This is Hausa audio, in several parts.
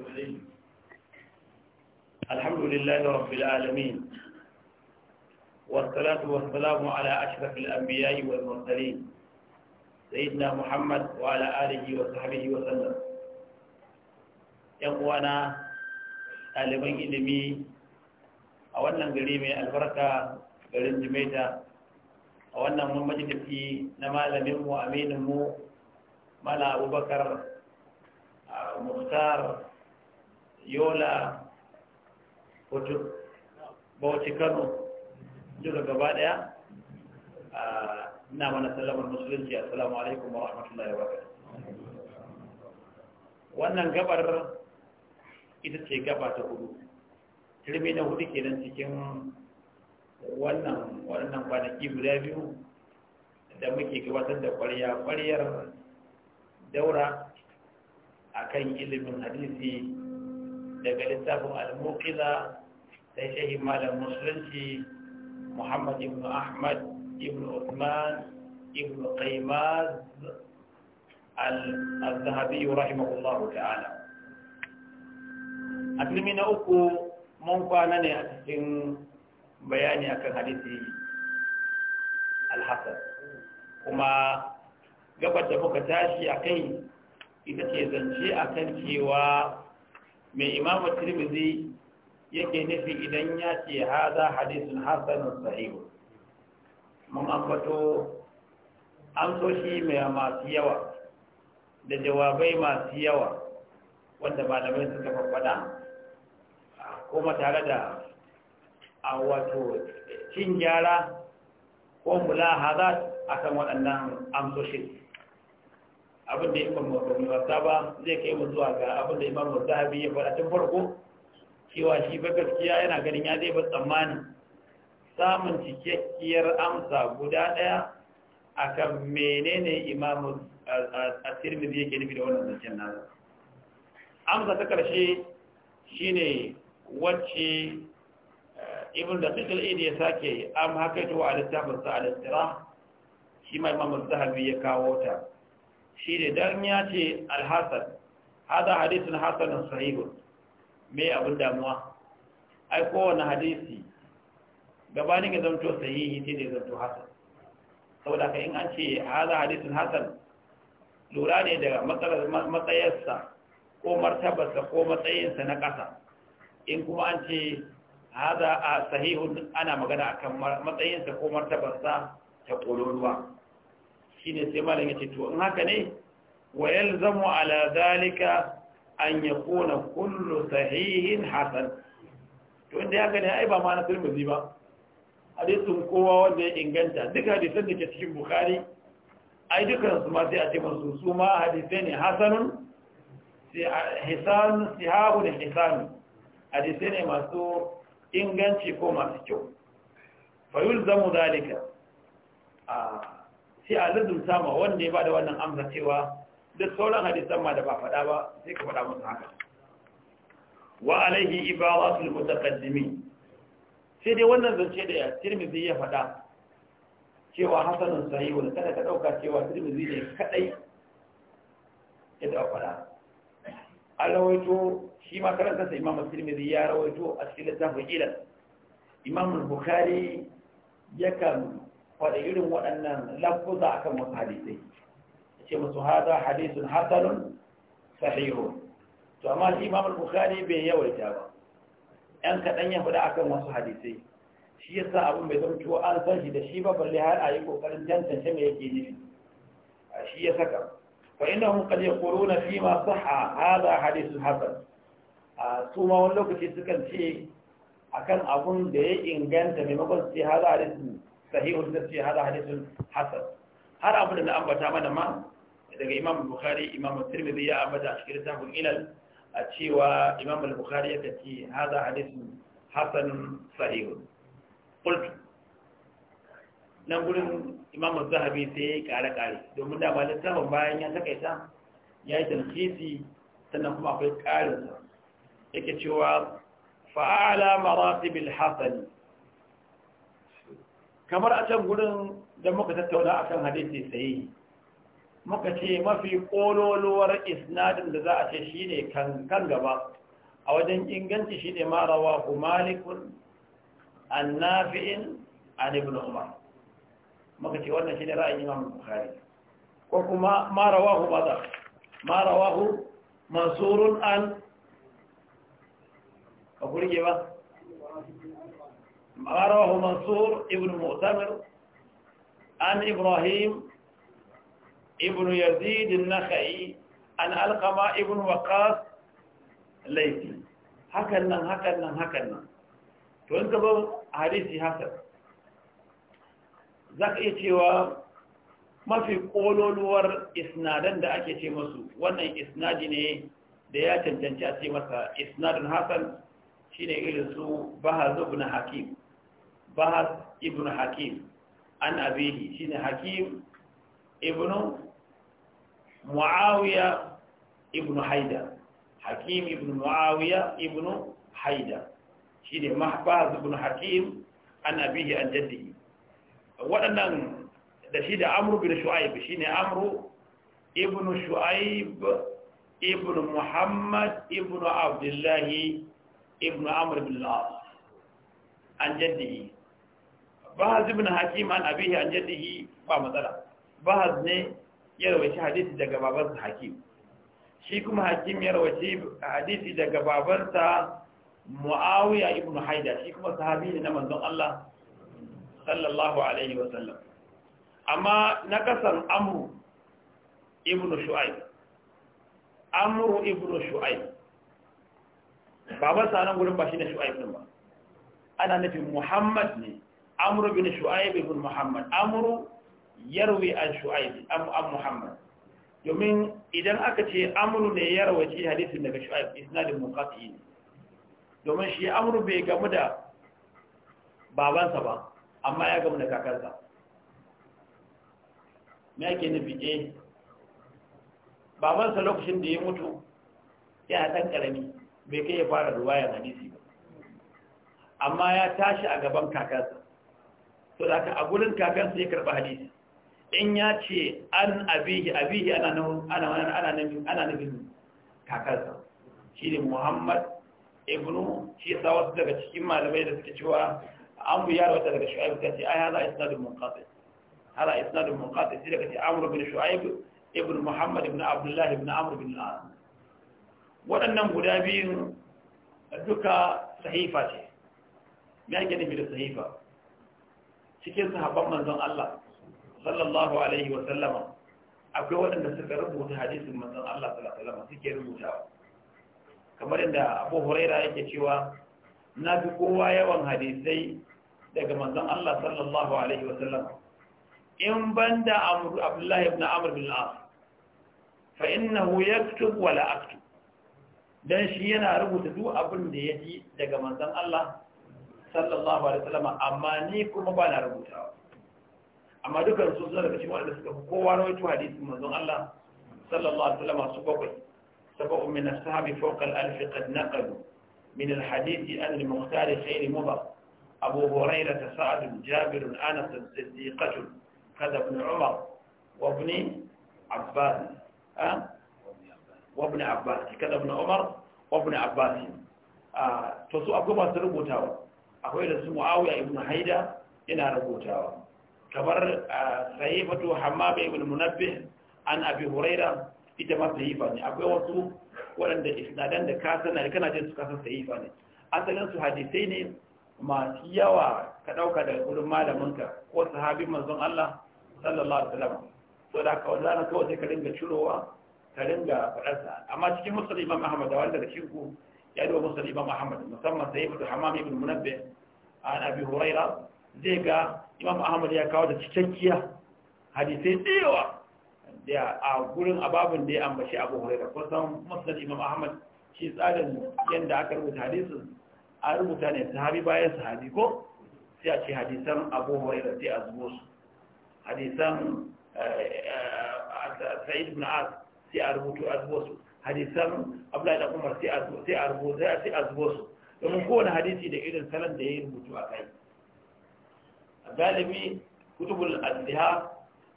المرسلين الحمد لله رب العالمين والصلاة والسلام على أشرف الأنبياء والمرسلين سيدنا محمد وعلى آله وصحبه وسلم يقوانا ɗaliban ilimi a wannan gari mai albarka garin jimaita a wannan tafi na malaminmu amininmu mala abubakar muhtar yola wato bauchi kano duka gaba daya ina mana sallamar musulunci assalamu alaikum wa rahmatullahi wa wannan gabar ita ce gaba ta hudu turmi na hudu kenan cikin wannan waɗannan kwanaki guda biyu da muke gabatar da ƙwarya ƙwaryar daura akan ilimin hadisi daga littafin al-muqiza sai shehi malam musulunci muhammad ibn ahmad ibn uthman ibn qaymaz al-zahabi rahimahullahu ta'ala a na uku mun kwana ne a cikin bayani akan hadisi al-hasan kuma gabar da muka tashi a kai ita ce zance akan cewa mai imamu tirmidhi yake nufi idan ya ce haza hadisun hasanun sahihu mun ambato an so shi mai masu yawa da jawabai masu yawa wanda malamai suka faɗa kuma tare da a wato cin gyara ko mulahaza a kan waɗannan amsoshin abin da ya kan mafi wasa ba zai kai mu zuwa ga abin da imam zahabi ya faɗa tun farko cewa shi ba gaskiya yana ganin ya zai ba tsammani samun cikakkiyar amsa guda ɗaya akan menene imam at-tirmidhi yake nufi da wannan zancen nasa amsa ta karshe ne wacce eh, ibn da sikil idi ya sake am haka a littafin sa al-istirah shi ma imam zahabi ya kawo ta shi ne dan ya ce alhassan hada hadisun hassanin sahihun mai abin damuwa ai kowane hadisi gabanin ya zamto sahihi sai da ya zamto hassan saboda ka in an ce hada hadisun hassan lura ne da matsayarsa ko martabarsa ko matsayinsa na ƙasa in kuma an ce haza a sahihun ana magana akan matsayinsa ko martabarsa ta ƙololuwa shine sai malam yace to in haka ne wa yalzamu ala zalika an yakuna kullu sahihin hasan to inda haka ne ai ba ma na tirmidhi ba hadisin kowa wanda ya inganta duk hadisan da ke cikin bukhari ai dukan su ma sai a ce musu su ma hadisai ne hasanun hisan sihahu da hisan hadisai ne masu inganci ko masu kyau fayul zamu zalika a ah. sai a lazumta ma wanda ya bada wannan amsa cewa duk sauran hadisan ma da ba faɗa ba sai ka faɗa musu haka wa alaihi ibaratul mutaqaddimin sai dai wannan zance da Tirmidhi ya faɗa cewa hasanun sahihun kada ka dauka cewa Tirmidhi ne kadai ya da faɗa alawaito shi ma karanta sa Imam Tirmidhi ya rawaito a cikin littafin Imam Bukhari yakan faɗa irin waɗannan lafuza akan wasu hadisai ce masu hada hadisun hasanun sahihun to amma shi imam al-bukhari bai yawaita ba yan kaɗan ya faɗa akan wasu hadisai shi ya sa abin bai zamto an san shi da shi ba balle har a yi kokarin tantance me yake nufi shi ya saka fa innahum kaje korona fi ma sahha hada hadithun hasan su ma wani lokaci sukan ce akan abun da ya inganta maimakon su ce hada hadithun صحيح النسي هذا حديث حسن هذا أبو لنا أبو تاما نما إذا إمام البخاري إمام الترمذي يا أبو تاشكر تاما إلى أتشي إمام البخاري يتكي هذا حديث حسن صحيح قلت نقول إمام الذهبي سي كارا كاري دو من دابا لسه هم باين ينسك إسا يأي تنخيسي تنقم أفريق كاري يكي تشوى فأعلى مراتب الحسن kamar a can gudun da muka tattauna a kan hadisi sai muka ce mafi kololuwar isnadin da za a ce shi ne kan gaba a wajen inganci shi ne rawahu malikun annafi'in an umar muka ce wannan shi ne ra'ayin imam bukari ko kuma ma rawahu badar ma rawahu mansurun an ka kurge ba ما رواه منصور ابن مؤتمر عن إبراهيم ابن يزيد Ibn عن Laifi, ابن وقاص ليثي هكذا هكذا هكذا تنتبه حديثي هكذا za ka iya cewa mafi ƙololuwar isnadan da ake ce masu wannan isnadi ne da ya cancanci a ce masa isnadin hassan shine irin su baha zubna hakim bahas ibn hakim an abihi shine hakim ibn muawiya ibn haida hakim ibn muawiya ibn haida shine mahbaz ibn hakim an abihi an jaddihi waɗannan da shi da amru bin shu'aib shine amru ibn shu'aib ibn muhammad ibn abdullahi ibn amr bin al-as an jaddihi bahaz ibn hakim an abihi an jaddihi ba matsala bahaz ne ya rawaci hadisi daga babansa hakim shi kuma hakim ya rawaci hadisi daga babansa muawiya ibn haida shi kuma sahabi ne na manzon Allah sallallahu alaihi wa sallam amma na kasan amru ibn shu'aib amru ibn shu'aib babansa nan gurin ba shi ne shu'aib din ba ana nufin muhammad ne amru bin shu'aib ibn muhammad amru yarwi an shu'aib am muhammad domin idan aka ce amru ne ya rawaci hadisin daga shu'aib isnadin munqati domin shi amru bai gamu da babansa ba amma ya gamu da kakarsa me yake nufi eh babansa lokacin da ya mutu ya dan karami bai kai ya fara ruwayar hadisi ba amma ya tashi a gaban kakarsa to da ka a gurin kakan sai karba hadisi in ya ce an abihi abihi ana nan ana nan ana nan ana nan kakansa shine Muhammad ibnu shi sa wasu daga cikin malamai da suke cewa an bu yaro daga Shu'aib ta ce ai hada isnadu munqati hada isnadu munqati sai daga ce Amr bin Shu'aib ibn Muhammad ibn Abdullah ibn Amr bin al-As waɗannan guda biyu duka sahifa ce me ake nufi da sahifa cikin sahabban manzon Allah sallallahu alaihi wa sallama akwai waɗanda suka rubuta hadisin manzon Allah sallallahu alaihi wa sallama suke rubutawa kamar yadda Abu Huraira yake cewa na fi kowa yawan hadisai daga manzon Allah sallallahu alaihi wa sallama in banda Amr Abdullah ibn Amr bin Al-As fa innahu yaktub wa la aktub dan shi yana rubuta duk abin da ya ji daga manzon Allah sallallahu alaihi wasallam amma ni kuma ba na rubutawa amma dukkan su suna daga cikin wanda suka fi kowa rawaito hadisin manzon Allah sallallahu alaihi wasallam su bakwai sabu min ashabi fawqa al-alf qad naqalu min al-hadith an al-mukhtar khayr mudar abu hurairah sa'd jabir anas siddiqah kada ibn umar wa ibn abbas ha wa ibn abbas kada ibn umar wa ibn abbas to su akwai masu rubutawa akwai da su muawiya ibn haida Ina rubutawa kamar sahifatu hammama ibn munabbih an abi huraira ita ma sahifa ne akwai wasu waɗanda isnadan da ka sanar kana jin su kasan sahifa ne asalin su hadisai ne masu yawa ka ɗauka daga malamin malaminka ko sahabi manzon Allah sallallahu alaihi wasallam so da ka wanda na kawai sai ka ringa cirowa ka ringa faɗarsa amma cikin musulmi imam Ahmad da wanda da cikin ku يعني ومسند الإمام أحمد مسمى سيف الحمام بن منبه عن أبي هريرة زيغا إمام أحمد يا كاوة تشكية حديثي ديوة da a gurin ababin da ya ambaci abu huraira kusan musnad imam ahmad shi tsarin yadda aka rubuta hadisu, a rubuta ne sahabi bayan sahabi ko sai a ce hadisan abu huraira sai a zubo su hadisan sa'id ibn az sai a rubuta a zubo su hadisan abla da umar sai a sai rubuta sai a zubo su domin kowane hadisi da irin salon da ya yi rubutu a kai a galibi kutubul asiha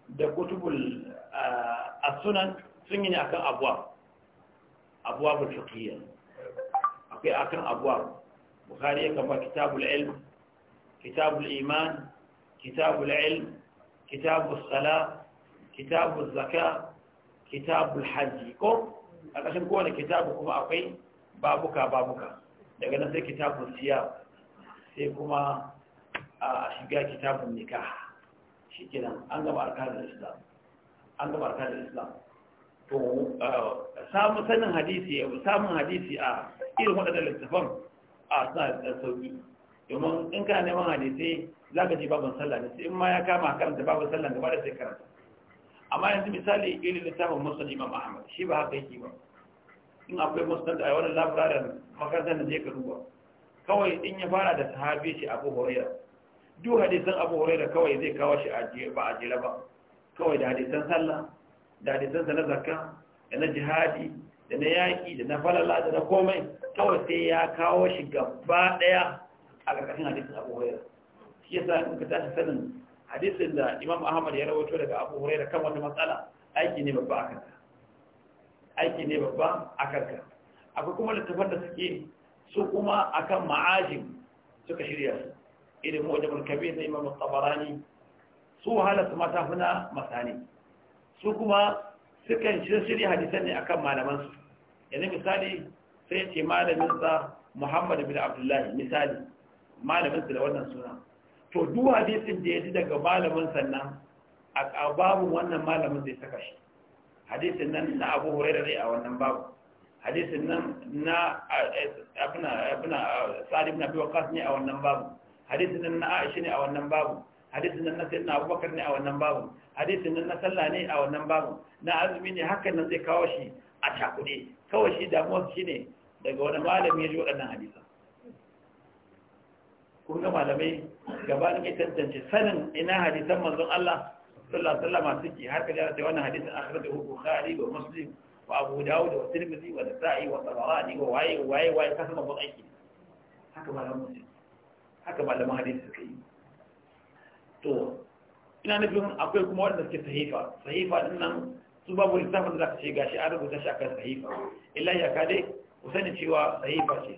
da kutubul asunan ah, sun yi ne akan abuwa abuwa bu fiqhiyya akwai akan abuwa bukhari ya kama kitabul ilm kitabul iman kitabul ilm kitabul salah kitabul zakka, kitabul hajji ko a ƙashin kowane kitabu kuma akwai babuka babuka daga nan sai kitabun siya sai kuma a shiga kitabun nikah shi kenan an gaba alkalin islam an gaba alkalin islam to samun sanin hadisi samun hadisi a irin waɗannan littafan a suna da sauƙi domin in kana neman hadisi, za ka ji babin sallah ne sai in ma ya kama karanta babin sallah gaba da sai karanta amma yanzu misali iri littafin musulun imam ahmad shi ba haka yake ba in akwai musulun da wani labirarin makarantar da zai ka duba kawai in ya fara da sahabi shi abu horaira duk hadisan abu horaira kawai zai kawo shi ba a jira ba kawai da hadisan sallah da hadisan sa na zakka da na jihadi da na yaƙi da na falala da na komai kawai sai ya kawo shi gaba ɗaya a ƙarƙashin hadisan abu horaira shi yasa in ka tashi sanin hadisin da imam ahmad ya rawaito daga abu huraira kan wata matsala aiki ne babba a kanka aiki ne babba a kanka akwai kuma littafan da suke su kuma akan ma'ajin suka shirya su irin mujabul kabir na imam tabarani su halatta mata huna masani su kuma sukan shirya hadisan ne akan malaman su yanzu misali sai ce malamin sa muhammad bin abdullahi misali malamin su da wannan suna to duk hadisin da ya ji daga malamin sannan a babu wannan malamin zai saka shi hadisin nan na abu huraira ne a wannan babu hadisin nan na abuna abuna salim na biwa kas ne a wannan babu hadisin nan na aisha ne a wannan babu hadisin nan na sayyidina abubakar ne a wannan babu hadisin nan na sallah ne a wannan babu na azumi ne hakan nan zai kawo shi a takude kawai shi damuwar shi ne daga wani malami ya ji waɗannan hadisan kun ga malamai gabanin ya tantance sanin ina hadisan manzon Allah sallallahu alaihi wasallam suke har kaje da wannan hadisin akhrajahu bukhari wa muslim wa abu dawud wa tirmidhi wa nasa'i wa tabarani wa waye waye waye ka san babban aiki haka malaman muslim haka malaman hadisi suka yi to ina nufin akwai kuma wanda suke sahifa sahifa din nan su babu littafin da zaka ce gashi an rubuta shi akan sahifa illa ya ka dai ku sani cewa sahifa ce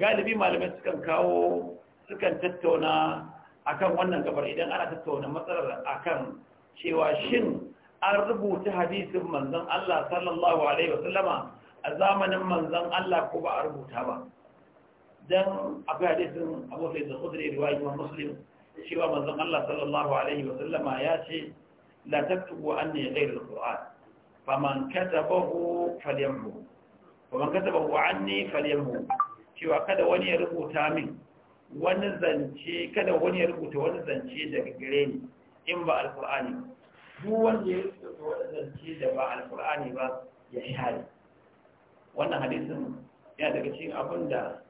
galibi malamai sukan kawo sukan tattauna akan wannan gabar idan ana tattauna matsalar akan cewa shin an rubuta hadisin manzon Allah sallallahu alaihi wasallama a zamanin manzon Allah ko ba a rubuta ba dan akwai hadisin Abu Sa'id al-Khudri riwayi Imam Muslim cewa manzon Allah sallallahu alaihi wasallama ya ce la taktubu anni ghayra al-Qur'an faman katabahu falyamhu faman katabahu anni falyamhu cewa kada wani ya rubuta min wani zance kada wani ya rubuta wani zance daga gare ni in ba alkur'ani duk wanda ya rubuta wani zance da ba alkur'ani ba ya hari wannan hadisin yana daga cikin abin da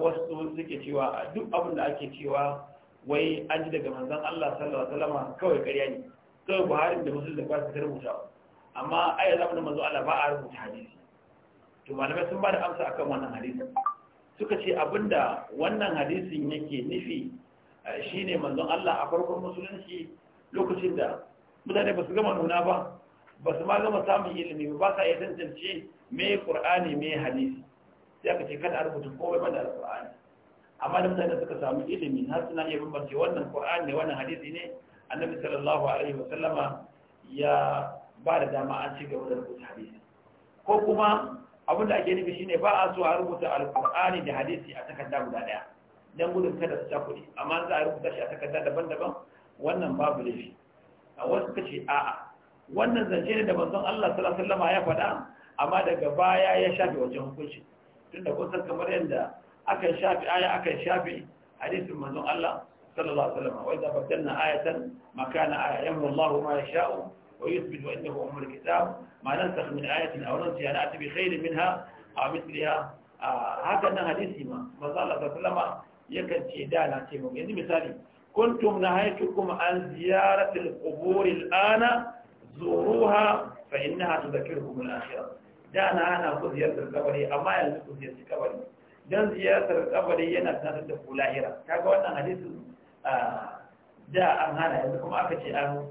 wasu suke cewa duk abin da ake cewa wai an ji daga manzon Allah sallallahu alaihi wasallam kawai ƙarya ne kawai Buhari da Muslim da ba su rubuta amma ai zamanin manzon Allah ba a rubuta hadisi to malamai sun ba da amsa akan wannan hadisin suka ce abinda wannan hadisin yake nufi eh, shine manzon Allah a farkon musulunci lokacin da mutane ba su gama nuna ba ba su ma gama samun ilimi ba sa iya tantance me qur'ani me hadisi sai aka ce kada rubutu ko bai ba da alqur'ani amma da mutane suka samu ilimi har suna iya bambance wannan qur'ani ne wannan hadisi ne annabi sallallahu alaihi wa sallama ya ba da dama an ci gaba da rubuta hadisi ko kuma abinda ake nufi shine ba a so a rubuta Alkur'ani da hadisi a takarda guda daya dan gudun kada su takuri amma za a rubuta shi a takarda daban-daban wannan babu laifi a wasu kace a'a wannan zance ne da manzon Allah sallallahu alaihi wasallam ya faɗa amma daga baya ya shafe wajen hukunci tunda kusan kamar yadda akan shafe aya akan shafe hadisin manzon Allah sallallahu alaihi wasallam wa idza badalna ayatan makana aya yamhu Allahu ma yasha'u ويثبت أنه أم الكتاب ما ننسخ من آية أو ننسيها نأتي بخير منها أو مثلها هكذا حديثي ما ما صلى الله عليه وسلم يكن شيدانا تيمو يعني مثالي كنتم نهيتكم عن زيارة القبور الآن زوروها فإنها تذكركم الآخرة دعنا أنا أخذ زيارة القبر أما يلزم زيارة القبر dan ziyartar kabari yana sanar da ku lahira kaga wannan hadisin da an hana yanzu kuma aka ce an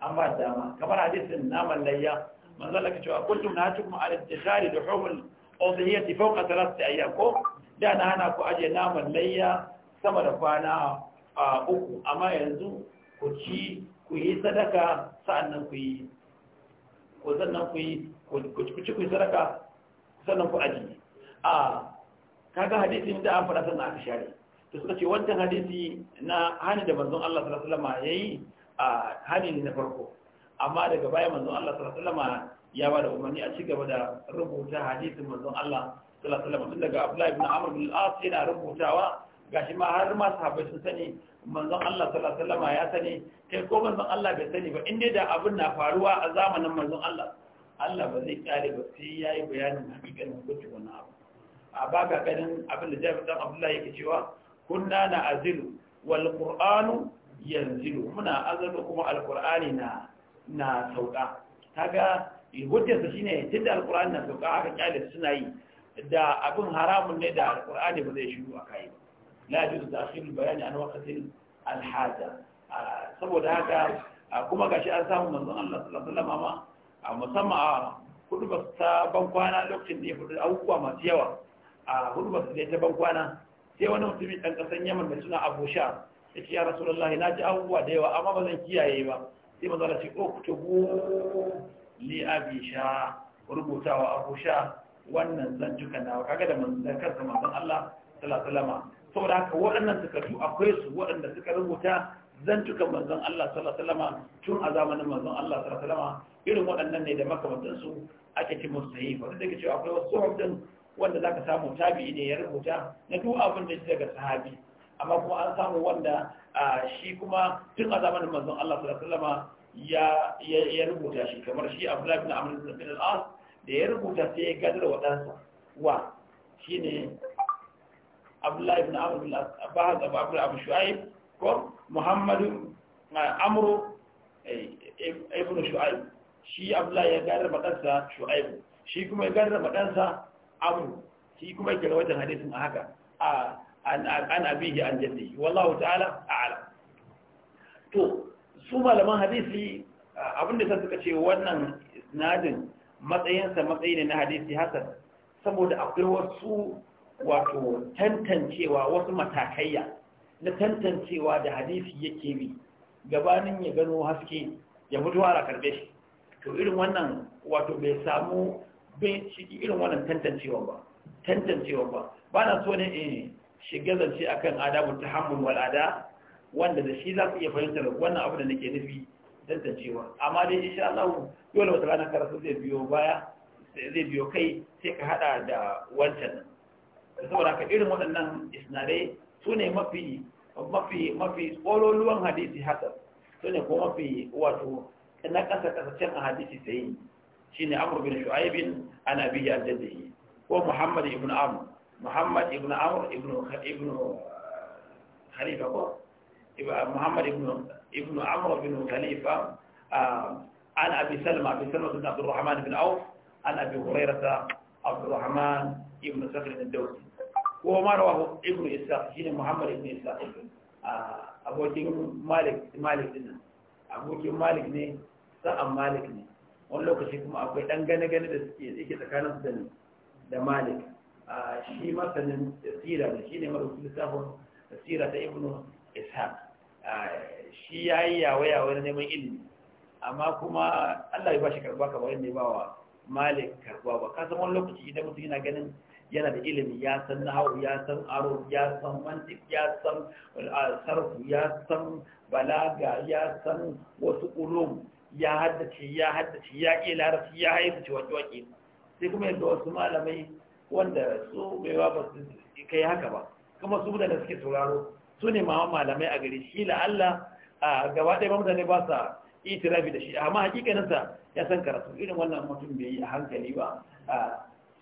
an ba dama kamar hadisin naman layya manzo zalla ka cewa kuntum na tukum ala ittikhari duhumul udhiyati fawqa thalath ayyam ko da na hana ku aje naman layya sama da kwana uku amma yanzu ku ci ku yi sadaka sa'annan ku yi ko sannan ku yi ku ci ku yi sadaka sannan ku aje a kaga hadisin da an fara sannan aka share to suka ce wancan hadisi na hani da manzon Allah sallallahu alaihi wasallam yayi a hani ne na farko amma daga baya manzon Allah sallallahu alaihi wasallam ya ba da umarni a cigaba da rubuta hadisin manzon Allah sallallahu alaihi wasallam daga Abdullah ibn Amr bin al-As yana rubutawa gashi ma har ma sahabbai sun sani manzon Allah sallallahu alaihi wasallam ya sani kai ko manzon Allah bai sani ba inda da abin na faruwa a zamanin manzon Allah Allah ba zai kare ba sai yayi bayanin hakikanin gudu wannan abu a baka ganin abin da Jabir dan Abdullah yake cewa kunna na azilu wal qur'anu yanzu muna azaba kuma alkur'ani na na sauka kaga hujjarsa shine tunda alkur'ani na sauka aka kyale suna yi da abin haramun ne da alkur'ani ba zai shiru a kai la da ta'khirul bayani an waqtin alhaja saboda haka kuma gashi an samu manzon Allah sallallahu alaihi a musamman a hudubar ta bankwana lokacin da ya abubuwa masu yawa a hudubar ta bankwana sai wani mutumin ɗan ƙasar yaman mai suna abu sha yace ya rasulullahi na ji abubuwa da yawa amma ba zan kiyaye ba sai ma Allah ce oh, uktubu li abi sha rubutawa abu sha wannan zan tuka na kaga da manzon kansa dan Allah sallallahu alaihi wasallam saboda haka waɗannan tu akwai su waɗanda suka rubuta zan zantukan manzon Allah sallallahu alaihi wasallam tun a zamanin manzon Allah sallallahu alaihi wasallam irin waɗannan ne da makamantan su ake ci musu sahih wanda da cewa akwai wasu sahabban wanda zaka samu tabi'i ne ya rubuta na duk abin da ya daga sahabi amma kuma an samu wanda shi kuma tun a zamanin manzon Allah sallallahu alaihi ya ya rubuta shi kamar shi Abdullah bin Amr bin al-As da ya rubuta sai ya gadar wa ɗansa wa shine Abdullah bin Amr bin al-As Abbas Abu Abdul Abu Shu'aib ko Muhammad Amr ibn Shu'aib shi Abdullah ya gadar wa ɗansa Shu'aib shi kuma ya gadar wa ɗansa Amr shi kuma ya kira wajen hadisin a haka a an abihi an jaddi wallahu ta'ala a'ala to su malaman hadisi abinda sai suka ce wannan isnadin matsayinsa matsayi ne na hadisi hasan saboda akwai wasu wato tantancewa wasu matakaiya na tantancewa da hadisi yake bi gabanin ya gano haske ya mutu a karbe shi to irin wannan wato bai samu bai ciki irin wannan tantancewa ba tantancewa ba ba na so ne shigazance a kan adabu ta hamun wal'ada wanda da shi za su iya fahimtar wannan abu da nake nufi tantancewa amma dai sha Allah dole wata rana karatu zai biyo baya zai biyo kai sai ka hada da wancan saboda ka irin waɗannan isnare su ne mafi mafi mafi tsololuwan hadisi hasan su ne kuma mafi wato na ƙasa ƙasashen a hadisi sai shine amr bin ana an abi jaddihi ko muhammad ibn Amur. محمد ابن عمر ابن ابن خليفة محمد ابن ابن عمر بن خليفة عن أبي سلمة أبي سلمة بن عبد الرحمن بن عوف عن أبي هريرة عبد الرحمن ابن سفر الدوسي وهو ما رواه ابن إسحاق شين محمد ابن إسحاق abokin malik malik din abokin malik ne sa'an malik ne wani lokaci kuma akwai dan gane gane da suke yake tsakanin da da malik shi masanin tsira da shi ne marufin lissafin tsira ta ibnu ishaq shi ya yi yawa-yawa na neman ilimi amma kuma allah ya ba shi karba kamar yadda ya ba wa malik karba ba ka san wani lokaci idan mutum yana ganin yana da ilimi ya san nahawu ya san aro ya san mantik ya san sarfu ya san balaga ya san wasu ulum ya haddace ya haddace ya ƙi larabci ya haifu ciwaƙi sai kuma yadda wasu malamai wanda su baiwa ba su kai haka ba kuma su da suke sauraro su ne mawa malamai a gari shi la'alla a gaba ɗaya mutane ba sa itirafi da shi amma hakikaninsa ya san karatu irin wannan mutum bai yi a hankali ba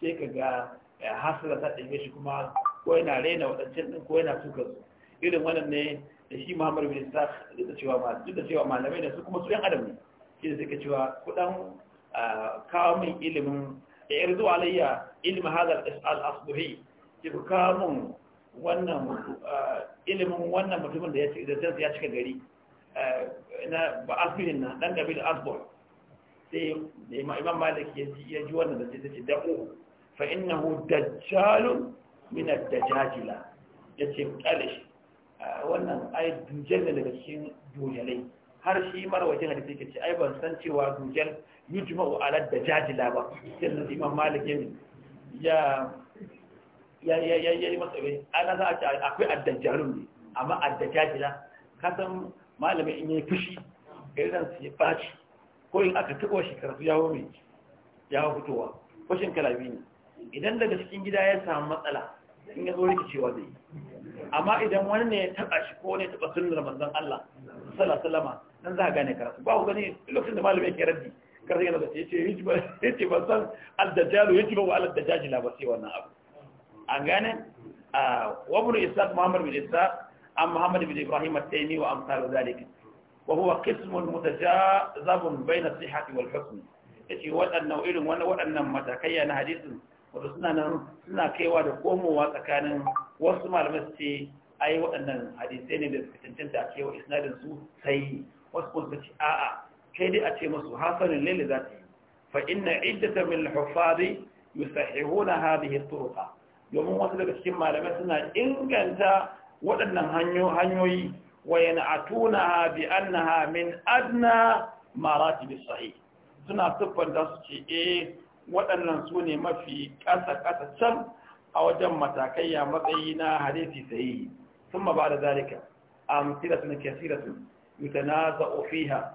sai ka ga eh, hasira ta ɗaya shi kuma ko yana raina waɗancan ɗin ko yana suka su irin wannan ne da shi muhammad bin isa da cewa duk da cewa malamai da su kuma su yan adam ne shi da suka cewa kuɗan kawo min ilimin irzu alayya ilmi hadha al-asbuhi ki kamun wannan eh, ilimin wannan mutumin da ya ci da ya cika gari eh, na ba asbirin na dan da asbur sai da imam malik ya ji ya wannan da ta ce da'u fa innahu dajjalun min ad-dajajila yace kalish eh, wannan ai dujalla daga cikin dujalai har shi wajen hadisi ke ce ai ban san cewa duken yujma'u ala dajajila ba sai imam malik ya ya ya ya ya yi masa ana za a ce akwai addajjalun ne amma Ka san malamin in yi fushi irin su ya faci ko in aka taɓa shi karatu yawo mai ya fitowa kwashin kalabi ne idan daga cikin gida ya samu matsala in ya zo rikicewa zai amma idan wani ne ya taɓa shi ko ne taɓa sunnar manzon Allah sallallahu alaihi nan za a gane karatu ba ku gani lokacin da malamin ke raddi kar yana da yace yace ban san ad-dajjalu yace ba wa al-dajjal la ba sai wannan abu an gane wa ibn isaq muhammad bin isaq am muhammad bin ibrahim at-taymi wa amsal zalika wa huwa qism mutajazab bayna as-sihhati wal-husn yace waɗannan irin wadannan matakaiya na hadisin wato suna nan suna kaiwa da komowa tsakanin wasu malamai su ce ai waɗannan hadisai ne da suka cancanta a kewa isnadin su sai wasu kuma ce a'a kai dai a ce masu hasanin laili za ta yi fa inna iddata min al-huffadi yusahihuna hadhihi turuqa domin wasu daga cikin malamai suna inganta waɗannan hanyoyi wa yan'atunaha bi annaha min adna maratib as-sahih suna siffanta su ce eh waɗannan su ne mafi ƙasa ƙasa can a wajen matakaiya matsayi na hadisi sahihi ثم بعد ذلك أمثلة كثيرة yutanaza'u fiha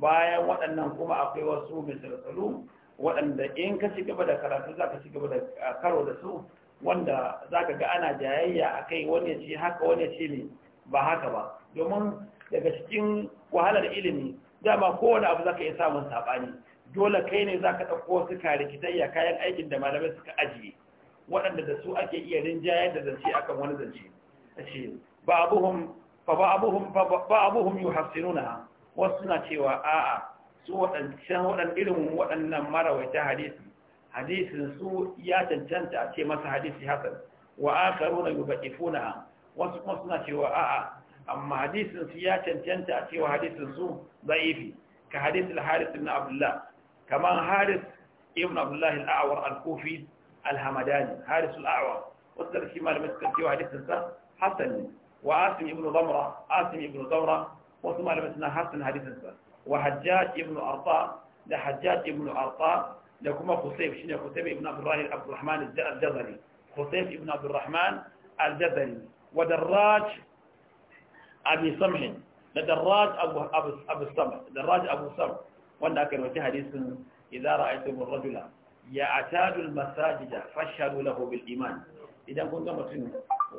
bayan waɗannan kuma akwai wasu misalsalu waɗanda in ka ci gaba da karatu zaka ka ci gaba da karo da su wanda za ga ana jayayya akai kai wani ce haka wani ya ce ne ba haka ba domin daga cikin wahalar ilimi dama kowane abu zaka ka iya samun saɓani dole kai ne za ka ɗauko wasu karikitayya kayan aikin da malamai suka ajiye waɗanda da su ake iya rinjayar da zance akan wani zance ba abuhun fa ba'abuhum yuhassinunaha wasu suna cewa a'a su waɗancan waɗan irin waɗannan marawaita hadisi hadisin su ya cancanta a ce masa hadisi hasan wa akharuna yubaqifuna wasu kuma suna cewa a'a amma hadisin su ya cancanta a cewa hadisin su da'ifi ka hadisul harith ibn abdullah kaman harith ibn abdullah al-a'war al al-hamadani wasu shi malamai suka hasan ne وعاصم ابن ضمرة عاصم ابن ضمرة وثم لمسنا حسن حديثا وحجاج ابن أرطاء لحجاج ابن أرطاء ده خصيف شنو خصيف ابن عبد الرحمن عبد الرحمن الجزري خصيف ابن عبد الرحمن الجزري ودراج أبي سمح لدراج أبو أبو سمح السمح دراج أبو سمح ولكن كان وجه حديث إذا رأيتم الرجل يعتاد المساجد فاشهدوا له بالإيمان إذا كنتم مسلمين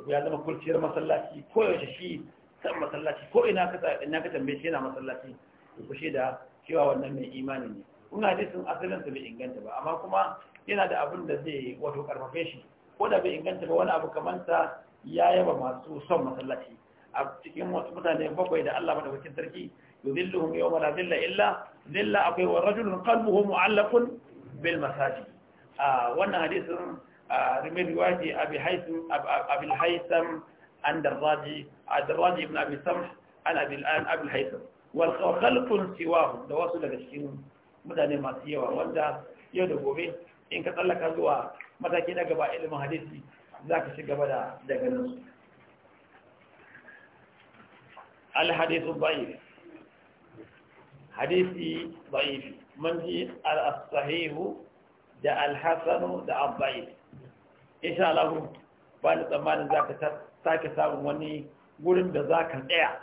ya zama kurciyar masallaci ko yaushe shi san masallaci ko ina ka ina ka tambaye shi yana masallaci ku da cewa wannan mai imani ne kun hadisin asalin sa bai inganta ba amma kuma yana da abin da zai wato karfafe shi ko da bai inganta ba wani abu kamar sa ya yaba masu son masallaci a cikin wasu mutane bakwai da Allah madaukakin sarki yudilluhum yawma la dhilla illa dhilla akwai wa rajulun qalbuhu mu'allaqun bil masajid a wannan hadisin من رواية أبي حيثم أبي الهيثم عن دراجي دراجي بن أبي سمح عن أبي الآن أبي الهيثم وخلق سواه دواسو لك للشين مدان ما سيوا وانده يدعو به إن لك زوا متى كنا قبع علم حديثي ذاك الشيء قبا ذاك النص الحديث الضعيف حديثي ضعيف من هي الصحيح ده الحسن ده الضعيف insha Allah ba ni tsammanin za ka sake samun wani gurin da za ka tsaya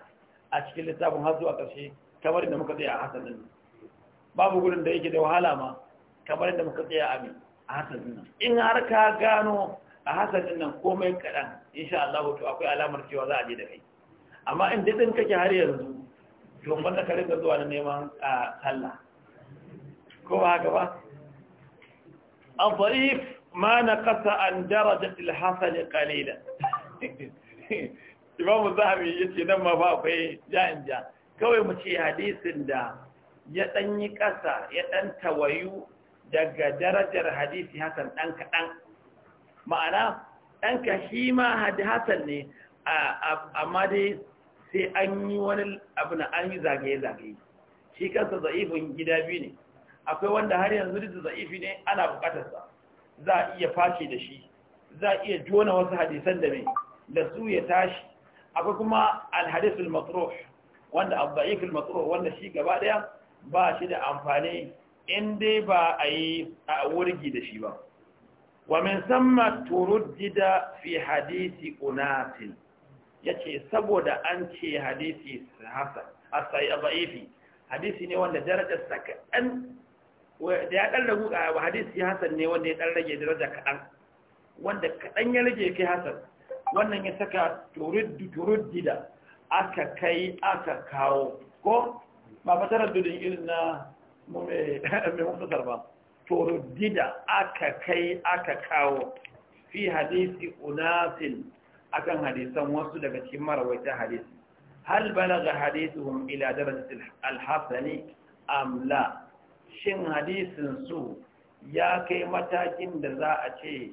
a cikin littafin har zuwa ƙarshe kamar da muka tsaya a hasan nan babu gurin da yake da wahala ma kamar da muka tsaya a a hasan nan in har ka gano a hasan nan komai kaɗan insha Allah to akwai alamar cewa za a je da kai amma in duk kake har yanzu to wanda ka rinka zuwa na neman sallah ko ba haka ba al ma na kasa an darajatil hasali za mu zahabi ce nan ma ba akwai ja'in ja kawai mu ce hadisin da ya ɗan yi kasa ya ɗan tawayu daga darajar hadisi hasan dan kadan ma'ana dan ka shi ma hadi hasan ne amma dai sai an yi wani abu na an yi zagaye zagaye shi kansa za'ifin gida biyu ne akwai wanda har yanzu da za'ifi ne ana bukatarsa za a iya fashe da shi za a iya jona wasu hadisan da mai da su ya tashi akwai kuma alhadisul matruh wanda abda'iful matruh wanda shi gaba daya ba shi da amfani in dai ba a yi a wurgi da shi ba wa min samma turujjida fi hadisi unatin yace saboda an ce hadisi hasan asai abaifi hadisi ne wanda darajar sa da ya dan ragu a hadisi Hassan ne wanda ya dan rage daraja kaɗan wanda kaɗan ya rage kai Hassan? wannan ya saka turuddida aka kai aka kawo ko ba fatarar dudin irin na mun mafisar ba turuddida aka kai aka kawo fi hadisi unasin akan hadisan wasu daga cikin marawaita hadisi hal balaga hadisuhum ila darajatil alhasani am la shin hadisin su ya kai matakin da za a ce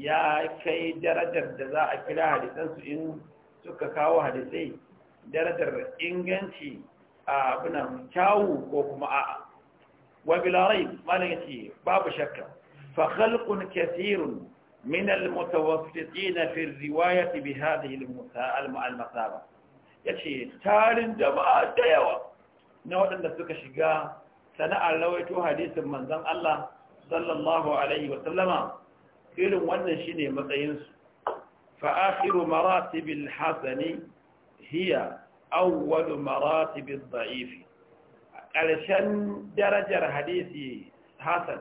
ya kai darajar da za a kira hadisansu in suka kawo hadisai darajar inganci a abinan kyawu ko kuma a'a wabilarai ce babu shakka fa kasirun kathirun min almutawassitin fi riwayati bi hadhihi almasaba yace tarin jama'a da yawa na waɗanda suka shiga sana'ar rawaito hadisin manzon Allah sallallahu alaihi wa irin wannan shine matsayinsu Fa'afiru akhiru maratibil hasani hiya awwalu maratibil za'ifi. ƙarshen darajar hadisi hasan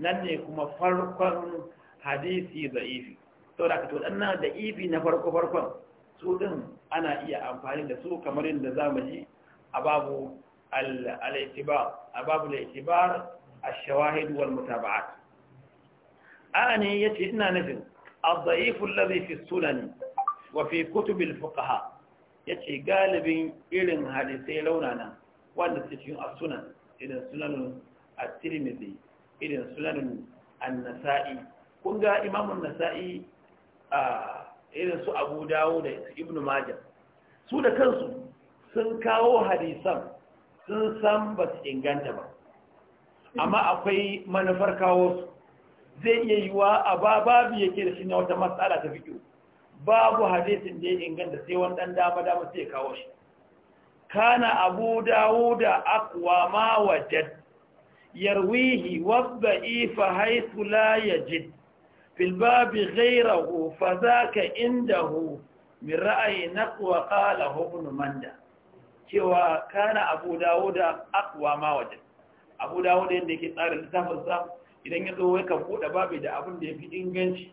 nan ne kuma farkon hadisi da'ifi to da kato dan da da'ifi na farko farkon su din ana iya amfani da su kamar yadda zamu ji a babu الاعتبار أباب الاعتبار الشواهد والمتابعات أني يتهدنا نفن الضعيف الذي في السنن وفي كتب الفقهاء يتي غالب إلن هذه لونانا وأن تتين السنن إذن سنن الترمذي إذن سنن النسائي kun جاء imamun النسائي a irin su abu ابن ماجه ibn majah su da kansu sun kawo hadisan sun san ba su inganta ba amma akwai manufar kawo su zai iya yiwa a ba babu yake da shi na wata matsala ta fito babu hadisin da ya inganta sai wani dan dama dama sai kawo shi kana abu dawo da akwa ma wajen yarwihi ifa haisu la yajid fa za ka inda indahu min na kuwa kala hukunu manda cewa kana abu dawo da akwa ma wajen abu dawo da yadda yake tsara littafinsa idan ya zo wai kan buɗe babu da abin da ya fi inganci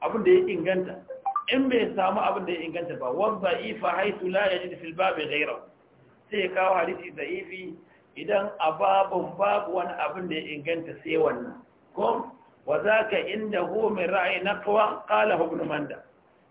abin da inganta in bai samu abin da ya inganta ba wanda ifa haitu la ya jini fil babu gairau sai ya kawo hadisi da ifi idan a babun babu wani abin da ya inganta sai wannan ko wa za ka inda hu min ra'ayi na kawa kala hukunan manda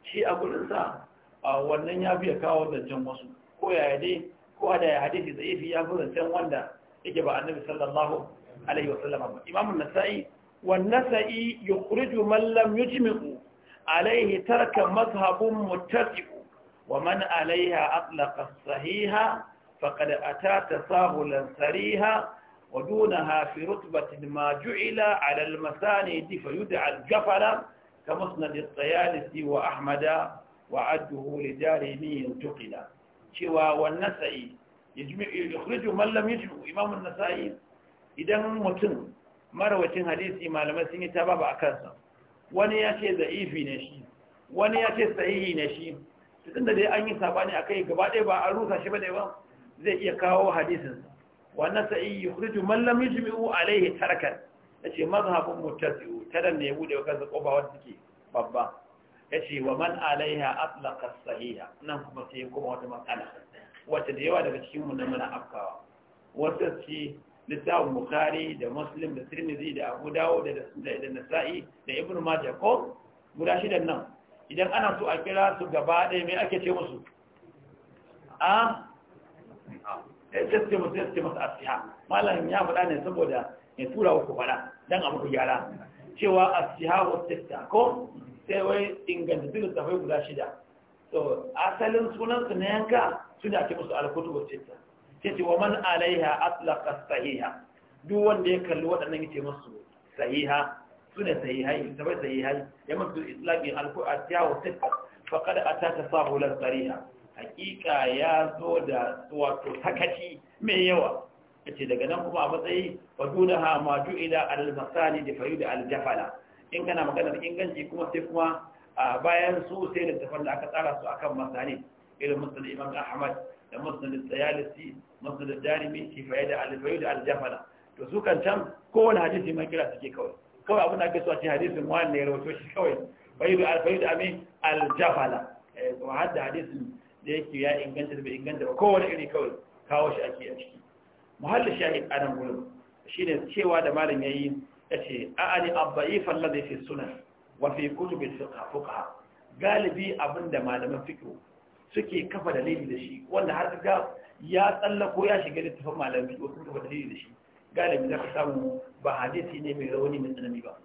shi a gudunsa wannan ya biya kawo zancen wasu ko yaya dai ko da ya hadisi da ifi ya fi zancen wanda yake ba annabi sallallahu alaihi wa sallama ba imamun nasa'i wan nasa'i ya mallam ya jimiku alaihi tarka mazhabun mutattiku wa man alaiha atlaka sahiha faqad ata ta sahulan sariha wa dunaha fi rutbatin ma ju'ila ala al-masani di fa yud'a al-jafala ka musnad al wa ahmada wa adduhu li jarimiyin tuqila cewa wannan sa'i yukhriju man lam yajmu imam an-nasa'i idan mutum marawacin hadisi malamai sun yi ta babu a kansa wani ya ce za'ifi ne shi wani ya ce sahihi ne shi tun da dai an yi sabani kai gaba ɗaya ba a rusa shi ba ne ba zai iya kawo hadisin wannan sa'i yukhriju man lam yajmu alaihi tarakan yace mazhabun muttasi'u tadan ne ya bude kansa kofa wanda suke babba yace wa man alaiha atlaqa sahiha nan kuma sai kuma wata matsala wacce da yawa daga cikin mu muna afkawa wata ce littafin bukhari da muslim da tirmidhi da abu dawud da da nasa'i da ibn majah ko guda shida nan idan ana so a kira su gaba ɗaya me ake ce musu a eh, ce musu sai ce musu asiha malamin ya faɗa ne saboda ya tura ku faɗa dan abu ku gyara cewa asiha wa ko sai wai inganta duk tafai guda shida to asalin sunansu na yanka suna ce musu alkutu wace ta ce ce wa man alaiha atlaka sahiha duk wanda ya kalli waɗannan ya ce musu sahiha suna sahihai tafai sahihai ya musu islami alkutu a tiyawo ta faƙad a ta ta sahular lantariya hakika ya zo da wato sakaci mai yawa ya ce daga nan kuma a matsayi fa dunaha ma ju'ila al-masani da fayu al-jafala in kana maganar inganci kuma sai kuma bayan su sai littafan da aka tsara su akan masani irin musul iman ahmad da musul tsayalisi musul jarimi kifaye da alifayu da aljafana to su kan can kowane hadisi mai kira suke kawai kawai abin da ake so a cikin hadisin wani ya rawato shi kawai fayu da alfayu da amin aljafala kuma eh, har da hadisin da yake ya inganta da bai inganta ba kowane iri kawai kawo shi ake a ciki muhallin shahid a nan gurin shine cewa da malam ya yi yace a'ani abda'if alladhi fi sunan wa fi kutub al-fuqaha galibi abinda malaman fiqh suke kafa dalili da shi wanda har ga ya tsallako ya shiga littafin malaman fiqh sun kafa dalili da shi galibi zaka samu ba hadisi ne mai rauni mai tsanani ba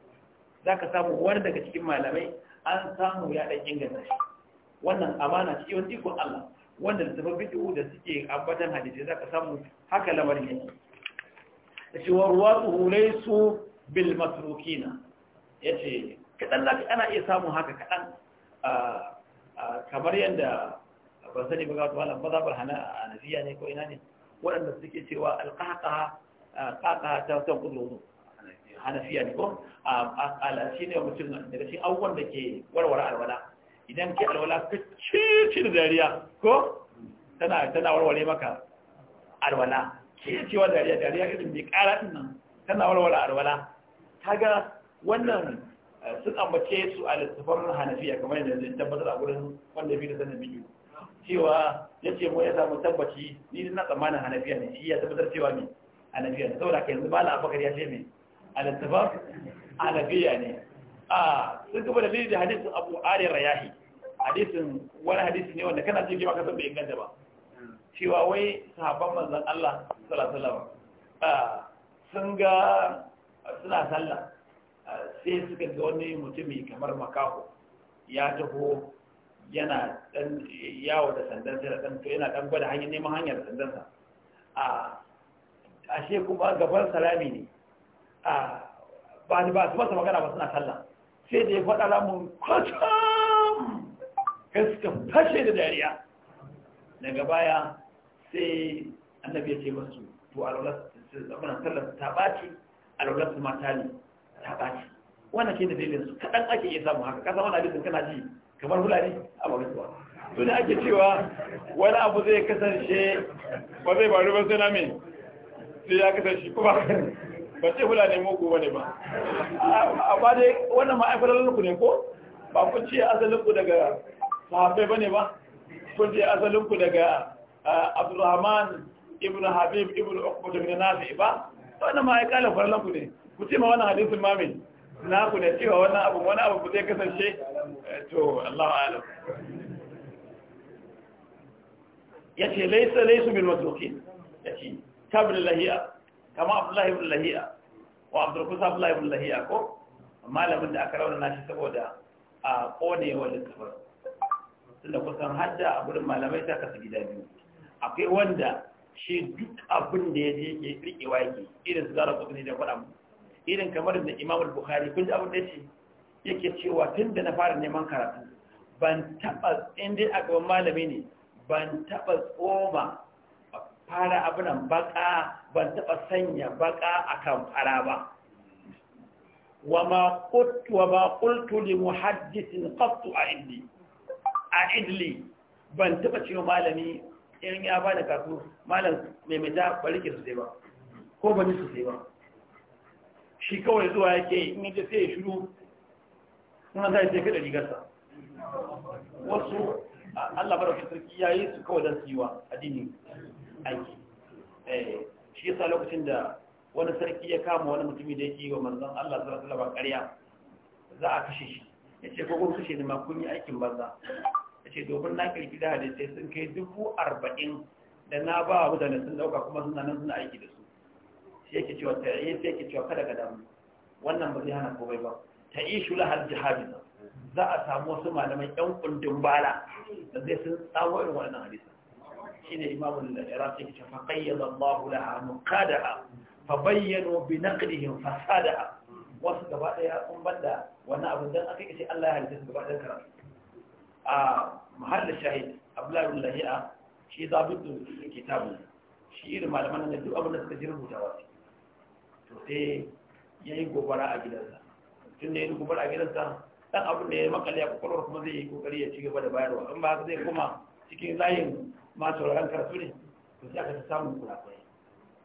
zaka samu wani daga cikin malamai an samu ya dan inganta shi wannan amana ce yawan ikon Allah wanda littafin fiqh da suke ambatan hadisi zaka samu haka lamarin yake shi warwatu laysu bil matrukina yace kadan zaka ana iya samun haka kadan kamar yadda ban sani ba ga wata wannan hana hanafiya ne ko ina ne waɗanda suke cewa alqaqa qaqa ta ta kudu hanafiya ne ko ala shine mutum daga cikin abubuwan da ke warware alwala idan ke alwala ka cici da dariya ko tana tana warware maka alwala ke cewa dariya dariya irin mai ƙara din nan tana warware alwala kaga wannan eh, sun ambace su a littafin hanafiya kamar yadda zai tabbatar a gurin wanda fi da sanin biyu cewa ya ce mu ya samu tabbaci ni na tsammanin hanafiya ne shi ya tabbatar cewa ne hanafiya ne saboda ka yanzu ba la'afakar ya ce me a littafin hanafiya ne a sun kuma da lili da hadisin abu ariyar rayahi hadisin wani hadisi ne wanda kana jirgin maka sun bai inganta ba cewa wai sahabban manzan allah sallallahu alaihi wasallam eh, sun ga suna sallah sai suka ga wani mutumi kamar makaho ya taho yana dan yawo da sandan sai dan to yana dan gwada hanyar neman hanyar sandan sa a ashe kuma gaban salami ne a ba ba su masa magana ba suna sallah sai da ya faɗa lamun kwatam suka fashe da dariya daga baya sai annabi ya ce masu to alwala sallar ta ɓaci alwala kuma ta ne ta ɓaci wannan ke da dalilin su kaɗan ake iya samu haka kasa wani hadisin kana ji kamar fulani a magasuwa to ne ake cewa wani abu zai kasance ba zai faru ba sai na me sai ya kasance kuma ba ce fulani ko wani ba ba dai wannan ma'aikatar ku ne ko ba kun ce asalin ku daga sahabbai bane ba kun ce asalin ku daga ah, Abdulrahman ibn Habib ibn Uqba ibn Nafi ba wannan ma ya kala farlan ku ne ku ce ma wannan hadisin ma na ku ne cewa wannan abu wani abu ku zai kasance eh, to Allah alam yace laysa laysu bil masruqin yace kabr lahiya kama abdullahi ibn lahiya wa abdul kusa abdullahi ibn lahiya ko malamin da aka rauna shi saboda a kone wa littafin tunda kusan hadda a gurin malamai ta kasu gida biyu akwai wanda shi duk abin da ya je ke rike waki irin zara kudin da faɗa mu irin kamar da Imam Bukhari kun ji abin da yake yake cewa tun da na fara neman karatu ban taba inda a gaban malami ne ban taba tsoma fara abin baka ban taba sanya baka akan fara ba وما قلت وما قلت لمحدث a idli Ban taɓa cewa malami. in ya ba da kasu malam mai mai ta barike su ba ko ba su sai ba shi kawai zuwa yake in yace sai ya shiru suna za sai kada rigarsa wasu Allah baraka sarki ya yi su kawai don su yi wa addini aiki eh, shi yasa lokacin da wani sarki ya kama wani mutumi da yake yi wa manzon Allah su alaihi wasallam ƙarya za a kashe shi yace ko kogon kashe ne ma kun yi aikin banza ya ce domin na da hadisai sun kai dubu arba'in da na ba wa mutane sun dauka kuma suna nan suna aiki da su shi yake cewa ta yi sai yake cewa kada ka damu wannan ba zai hana komai ba ta yi shula har jihadi za a samu wasu malaman yan kundin bala da zai sun tsawo irin waɗannan hadisa ne imamu da iran sai yake cewa fa qayyada Allahu laha muqadaha fa bayyano bi naqdihim fasadaha wasu gaba daya kun banda wannan abin dan aka sai Allah ya halitta su gaba daya karatu a mahalla shahid abdullahi bin lahiya shi zabitun tabu shi irin malaman nan duk abin da suka ji rubutawa to sai ya yi gobara a gidansa tun da ya yi gobara a gidansa dan abin da ya makale a kwakwalwar kuma zai yi kokari ya ci gaba da bayarwa in ba zai koma cikin layin masu sauraron karatu ne to sai aka ta samun kurakurai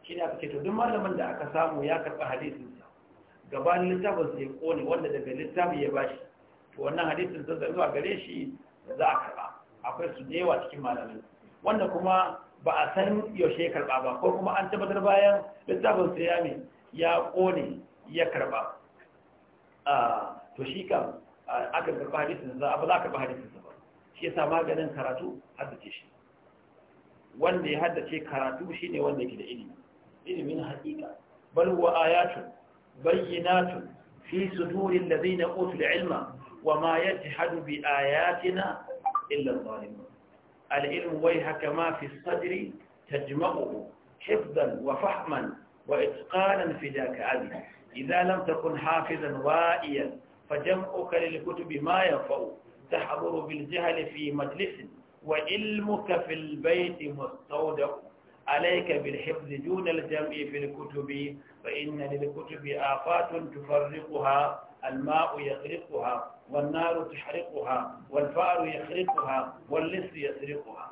shi ne aka ce to duk malamin da aka samu ya karɓi hadisinsa gabanin littafin sai ya kone wanda daga littafin ya bashi to wannan hadisin sun zuwa gare shi za a karba akwai su da yawa cikin malamai wanda kuma ba a san yaushe karba ba ko kuma an tabbatar bayan littafin sai ya ne ya kone ya karba to shi kam aka karba hadisin za a ba za a karba hadisin ba shi yasa maganin karatu haddace shi wanda ya haddace karatu shine wanda yake da ilimi ilimin haƙiƙa bal huwa ayatun bayyinatun fi sudurin ladina utul ilma وما يجحد بآياتنا إلا الظالمون العلم ويهك ما في الصدر تجمعه حفظا وفحما وإتقانا في ذاك أبي إذا لم تكن حافظا وائيا فجمعك للكتب ما ينفع تحضر بالجهل في مجلس وعلمك في البيت مستودع عليك بالحفظ دون الجمع في الكتب فإن للكتب آفات تفرقها الماء يغرقها والنار تحرقها والفار يخرقها واللص يسرقها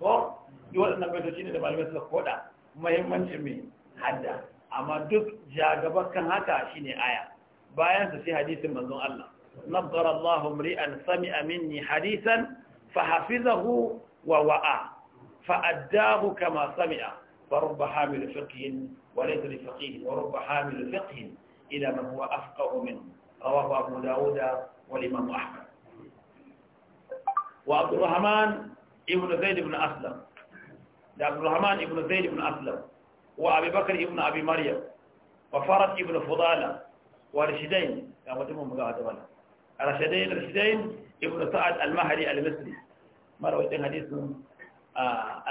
ko yawan abincin da malamai suka koda muhimmancin mai hadda amma duk jagaba kan haka shine aya bayan su sai hadisin manzon Allah nabbar Allah mri'an sami'a minni hadisan fa hafizahu wa fa addahu kama sami'a fa rubba hamil fiqhin wa laysa li fiqhin wa rubba hamil fiqhin ila man huwa afqahu minhu رواه أبو داود والإمام أحمد وعبد الرحمن ابن زيد بن أسلم عبد الرحمن ابن زيد بن أسلم وأبي بكر ابن أبي مريم وفرد ابن فضالة ورشدين يا يعني متمم ولا رشدين رشدين ابن سعد المهري المصري ما رويت حديث آه،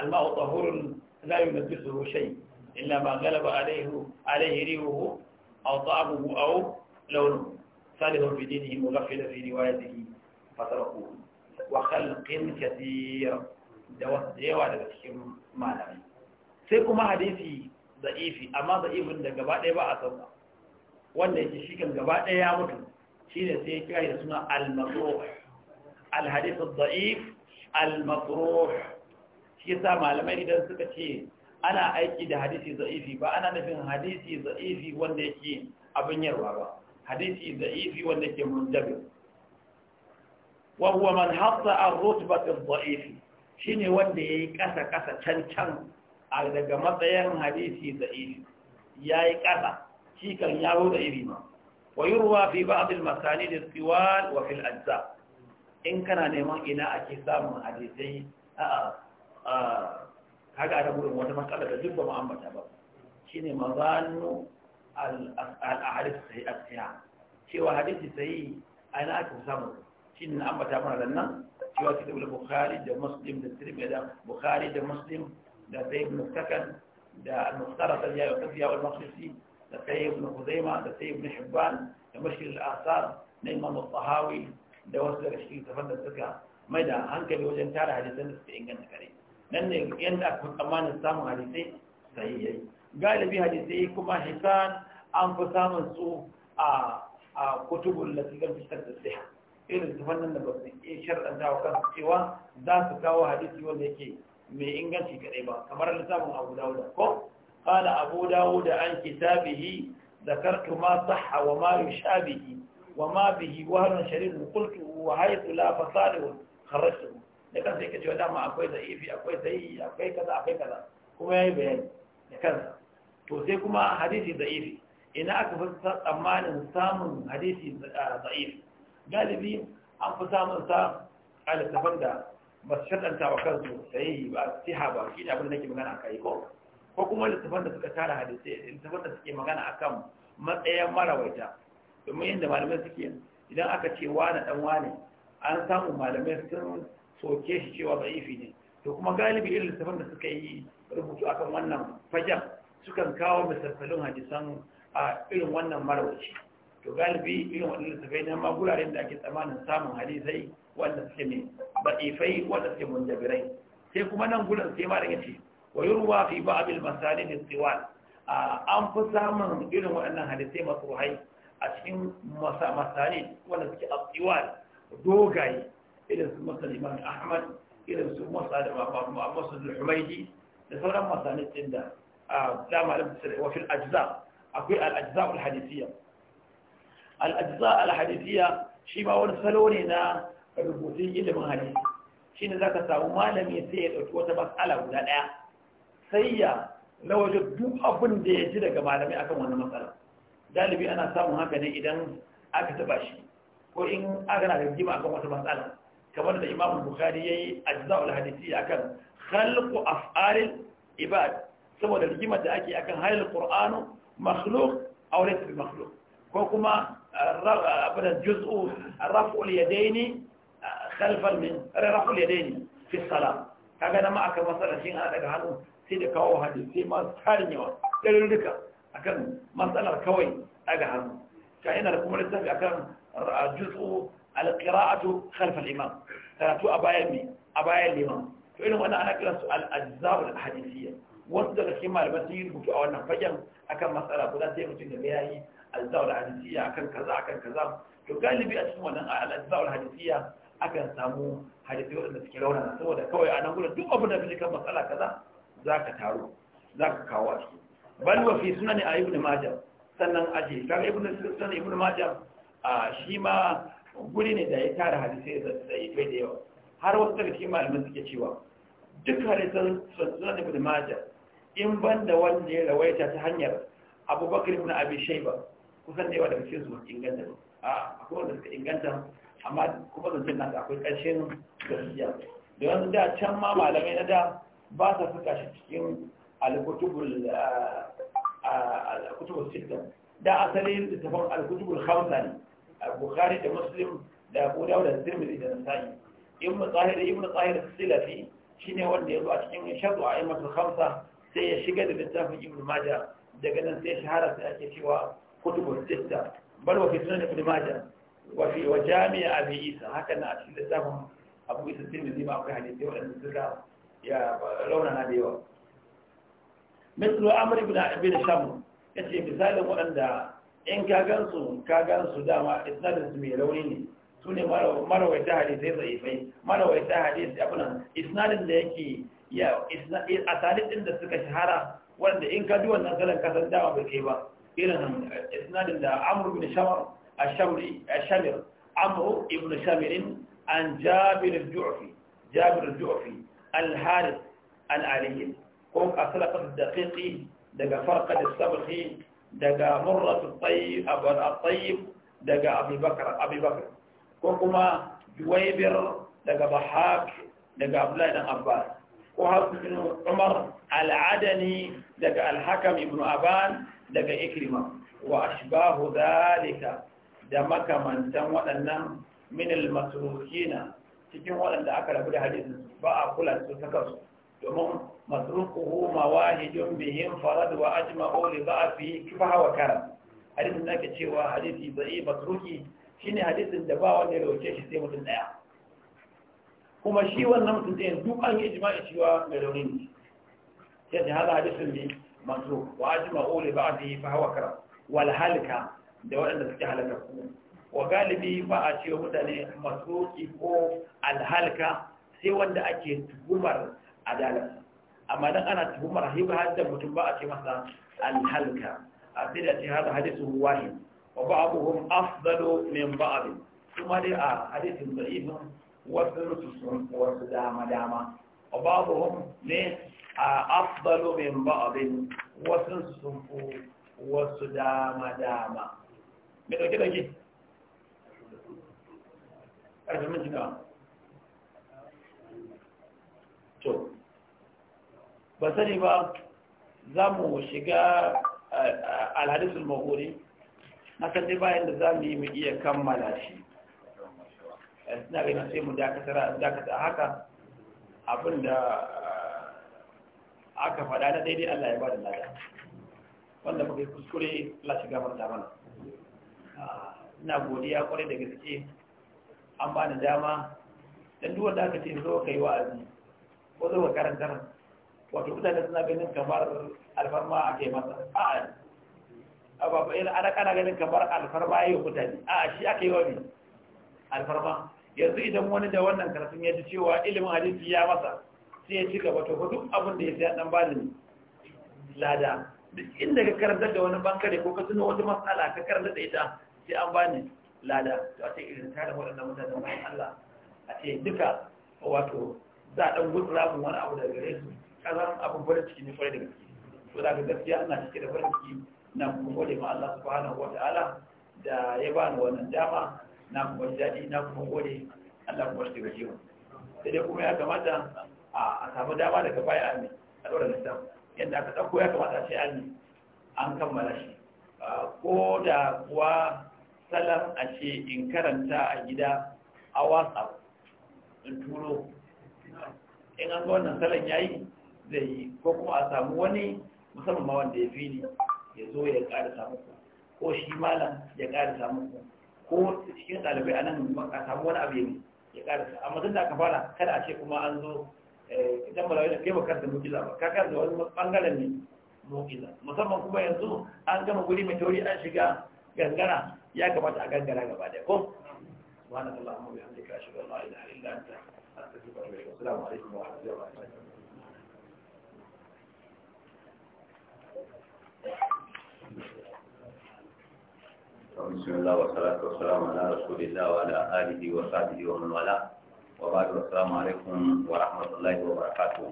الماء طهور لا ينجسه شيء إلا ما غلب عليه عليه ريوه أو طعمه أو لونه صالح في دينه مغفل في روايته فتركوه وخلق كثير da yawa daga cikin malamai sai kuma hadisi za'ifi amma za'ifin da gaba ɗaya ba a sauka wanda yake shi kan gaba ɗaya ya mutu shi ne sai ya kira da suna al-masruh al-hadisu za'if al-masruh shi yasa malamai idan suka ce ana aiki da hadisi za'ifi ba ana nufin hadisi za'ifi wanda yake abin yarwa ba hadisi da'ifi wanda ke munjabir wa huwa man hatta ar-rutbat ad-da'if shine wanda yayi kasa kasa can can daga matsayin hadisi da'ifi yayi kasa shi kan yawo da iri ma wa yurwa fi ba'd al-masanid al-tiwal wa fi al-ajza in kana neman ina ake samun hadisai a a kaga da gurin wata matsala da duk ba mu ambata ba shine mazannu al sai a as-sahih cewa hadisi sai ana aka samu shin an bata mana nan cewa kitab al-bukhari da muslim da tirmidhi da bukhari da muslim da sahih ibn sakan da al-mukhtarat al-ya'i al-qudsi wal-maqdisi da sahih ibn khuzaimah da sahih ibn hibban da mushkil al-athar na imam al-tahawi da wasu daga cikin tafan da suka mai da hankali wajen tara hadisan da suka inganta kare nan ne yadda aka tsammanin samun hadisai sahihayi galibi hadisai kuma hisan an fi samun su a kutubun lafiyar fitar da siya irin su fannin da ba su iya shar'anta wa kansu cewa za su kawo hadisi wanda yake mai inganci kaɗai ba kamar littafin abu dawuda ko قال أبو داود عن كتابه ذكرت ما صح وما يشابه وما به وهل شرير قلت وحيث ce wa dama akwai سيكتش akwai أكوي akwai kaza, akwai kaza. Kuma ya yi كما da kansa. to sai kuma hadisi da'ifi ina aka fi tsammanin samun hadisi ah, da'ifi galibi an fi samun sa a littafin da ba su shaɗanta wa kansu sayi ba siha ba shi ne abin da nake magana kai ko ko kuma littafin da suka tara hadisi littafin da suke magana akan matsayin marawaita domin yadda malamai suke idan aka ce wane dan wane an samu malamai sun soke shi cewa da'ifi ne to kuma galibi irin littafin da suka yi rubutu akan wannan fajar sukan kawo misalfalin hadisan a irin wannan marawaci to galibi irin waɗannan littafai na maguraren da ake tsamanin samun hadisai wanda suke ne baɗifai wanda suke munjabirai sai kuma nan gudan sai ma da yace wa yurwa fi ba'dil masalih istiwal an fi samun irin waɗannan hadisai makruhai a cikin masali wanda suke istiwal dogaye irin su musulman ahmad irin su musa da masu humaidi da sauran masalih din da لا معلم وفي الأجزاء أقول الأجزاء الحديثية الأجزاء الحديثية شيء ما هو سلوننا rubutun ilimin hadisi shi ne za ka samu malami sai ya ɗauki wata matsala guda ɗaya sai ya lawaje duk abin da ya ji daga malami akan wani matsala galibi ana samun haka ne idan aka taba shi ko in aka na rigima akan wata matsala kamar da imamu bukhari ya yi ajza'ul hadisi akan khalqu af'alil ibad saboda rigimar da ake akan halil qur'anu makhluq aw laysa bi makhluq ko kuma uh, uh, abada juz'u uh, raf'ul yadaini khalf al min raf'ul yadaini fi salat Ka nan ma aka masala shin ana daga hannu sai da kawo hadisi ma tarin yawa darin duka akan matsalar kawai daga hannu ka ina da kuma littafi akan juz'u al-qira'atu khalf al-imam karatu a bayan mi a bayan liman to irin wannan ana kiransu al-ajza'ul hadisiyya wasu daga cikin malaman sun yi rubutu a wannan fagen akan matsala ko za ta yi mutum da ya yi alzawar hadisiya akan kaza akan kaza to galibi a cikin wannan alzawar hadisiya akan samu hadisi waɗanda suke raunana saboda kawai a nan gudun duk abin da fi kan matsala kaza za ka taro za ka kawo a ciki bal wa fi sunan a ibn majah sannan aje kaga ibn sunan ibn majah shi ma guri ne da ya tara hadisai da ya da yawa har wasu daga cikin malaman suke cewa duk hadisan sunan ibn majah in ban da wanda ya rawaita ta hanyar abubakar ibn abi shaiba kusan da yawa daga cikin su inganta a akwai wanda suka inganta amma kuma zancen nasu akwai ƙarshen gaskiya da wanda da can ma malamai na da ba sa suka shi cikin alkutubul sittan da asali tafan alkutubul hamsa ne bukhari da muslim da abu dawud da tirmidhi da nasa'i ibn zahir ibn zahir silafi shine wanda ya zo a cikin shadu a imatul khamsa sai ya shiga da littafin ibn majah daga nan sai shahara sai ake cewa kutubul sitta bal wa fi sunan ibn majah wa fi wa jami'a abi isa haka na a cikin littafin abu isa tirmidhi ba akwai hadisi annabi da ya launa da yawa mithlu amr ibn ibn sham yace misalin wanda in ka gansu ka gansu dama isnadin su mai rauni ne su ne marawaita hadisai zaifai marawaita hadisi, abunan isnadin da yake ya asalin din da suka shahara wanda in ka duwan nan salon kasar dama bai kai ba irin eh, isnadin da amur ibn shamar a shamir amur ibn shamirin an jabir al-ju'fi jabir al-ju'fi al-harith al-aliyin kun asala daga farqa da sabhi daga murrat al-tayyib abul al-tayyib daga abubakar abubakar ko kuma juwaybir daga bahak daga abdullahi dan abbas وهب بن عمر العدني دقى الحكم بن أبان دقى إكرمة وأشباه ذلك دمك من تنوى النم من cikin waɗanda aka rabu da hadisin ba a kula su ta kansu domin masruquhu mawahidun bihim farad wa ajma'u li da'fi kifaha wa karam hadisin da cewa hadisi da'i masruqi shine hadisin da ba wanda ya rawace shi sai mutum ɗaya? kuma shi wannan mutum ɗaya duk an yi ijma'i cewa mai raunin ne sai da hada hadisin ne masu wa ajma ole ba a yi fa hawa kara wal halka da waɗanda suke halaka ku wa galibi ba a cewa mutane masoki ko alhalka sai wanda ake tuhumar adalarsa amma dan ana tuhumar hiba hadda mutum ba a ce masa alhalka a sai da ce hada hadisin wahid wa ba'abuhum afdalu min ba'd kuma dai a hadisin da'ifin wasu rususun wasu dama-dama babu ne a afdalu ba abin wasu sun fu wasu dama-dama me dauke dauke ƙarfi mun jina to ba sani ba za mu shiga alhadisul mahuri na kan dai bayan da za mu yi mu iya kammala shi suna ganin sai mu dakata haka abin da aka faɗa na daidai Allah ya ba da lada wanda muka kuskure Allah shiga da mana ina godiya kwarai da gaske an ba ni dama dan duwar da aka ce zo ka yi wa'azi ko zo karanta karantar wato mutane suna ganin kamar alfarma a kai masa a'a ina ana kana ganin kamar alfarma ya yi mutane a'a shi aka yi wa ne alfarma yanzu idan wani da wannan karatun ya ji cewa ilimin hadisi ya masa sai ya ci gaba to duk abin da ya sai dan bani lada duk inda ka karanta da wani bankare ko ka tuno wata matsala ka karanta da ita sai an bani lada to a ce irin tare waɗannan mutanen bayan Allah a ce duka wato za a ɗan mu rabin wani abu daga gare su kazan abin farin ciki ne farin da gaske to da ga gaskiya ina cike da farin ciki na kuma gode ma Allah subhanahu wataala ta'ala da ya bani wannan dama na kuma ji daɗi na kuma gode Allah kuma shi gaje mu sai dai kuma ya kamata a samu dama daga baya ami a ɗora lissafin yadda aka ɗauko ya kamata a ce ami an kammala shi ko da kuwa salam a ce in karanta a gida a whatsapp in turo in an ga wannan salon ya yi zai yi ko kuma a samu wani musamman ma wanda ya fi ni ya zo ya ƙara samu ko shi malam ya ƙara samu ko cikin ɗalibai a nan a samu wani abu ne ya ƙarasa amma duk da ka fara kada a ce kuma an zo eh, idan ba da kai bakar da mujiza ba ka kar da wani ɓangaren ne mujiza musamman kuma yanzu an gama guri mai tauri an shiga gangara ya kamata a gangara gaba da ko subhanakallahumma wa bihamdika ashhadu an la ilaha illa anta astaghfiruka wa atubu ilaik assalamu alaikum wa rahmatullahi wa barakatuh بسم الله والصلاة والسلام على رسول الله وعلى آله وصحبه ومن والاه وبعد السلام عليكم ورحمة الله وبركاته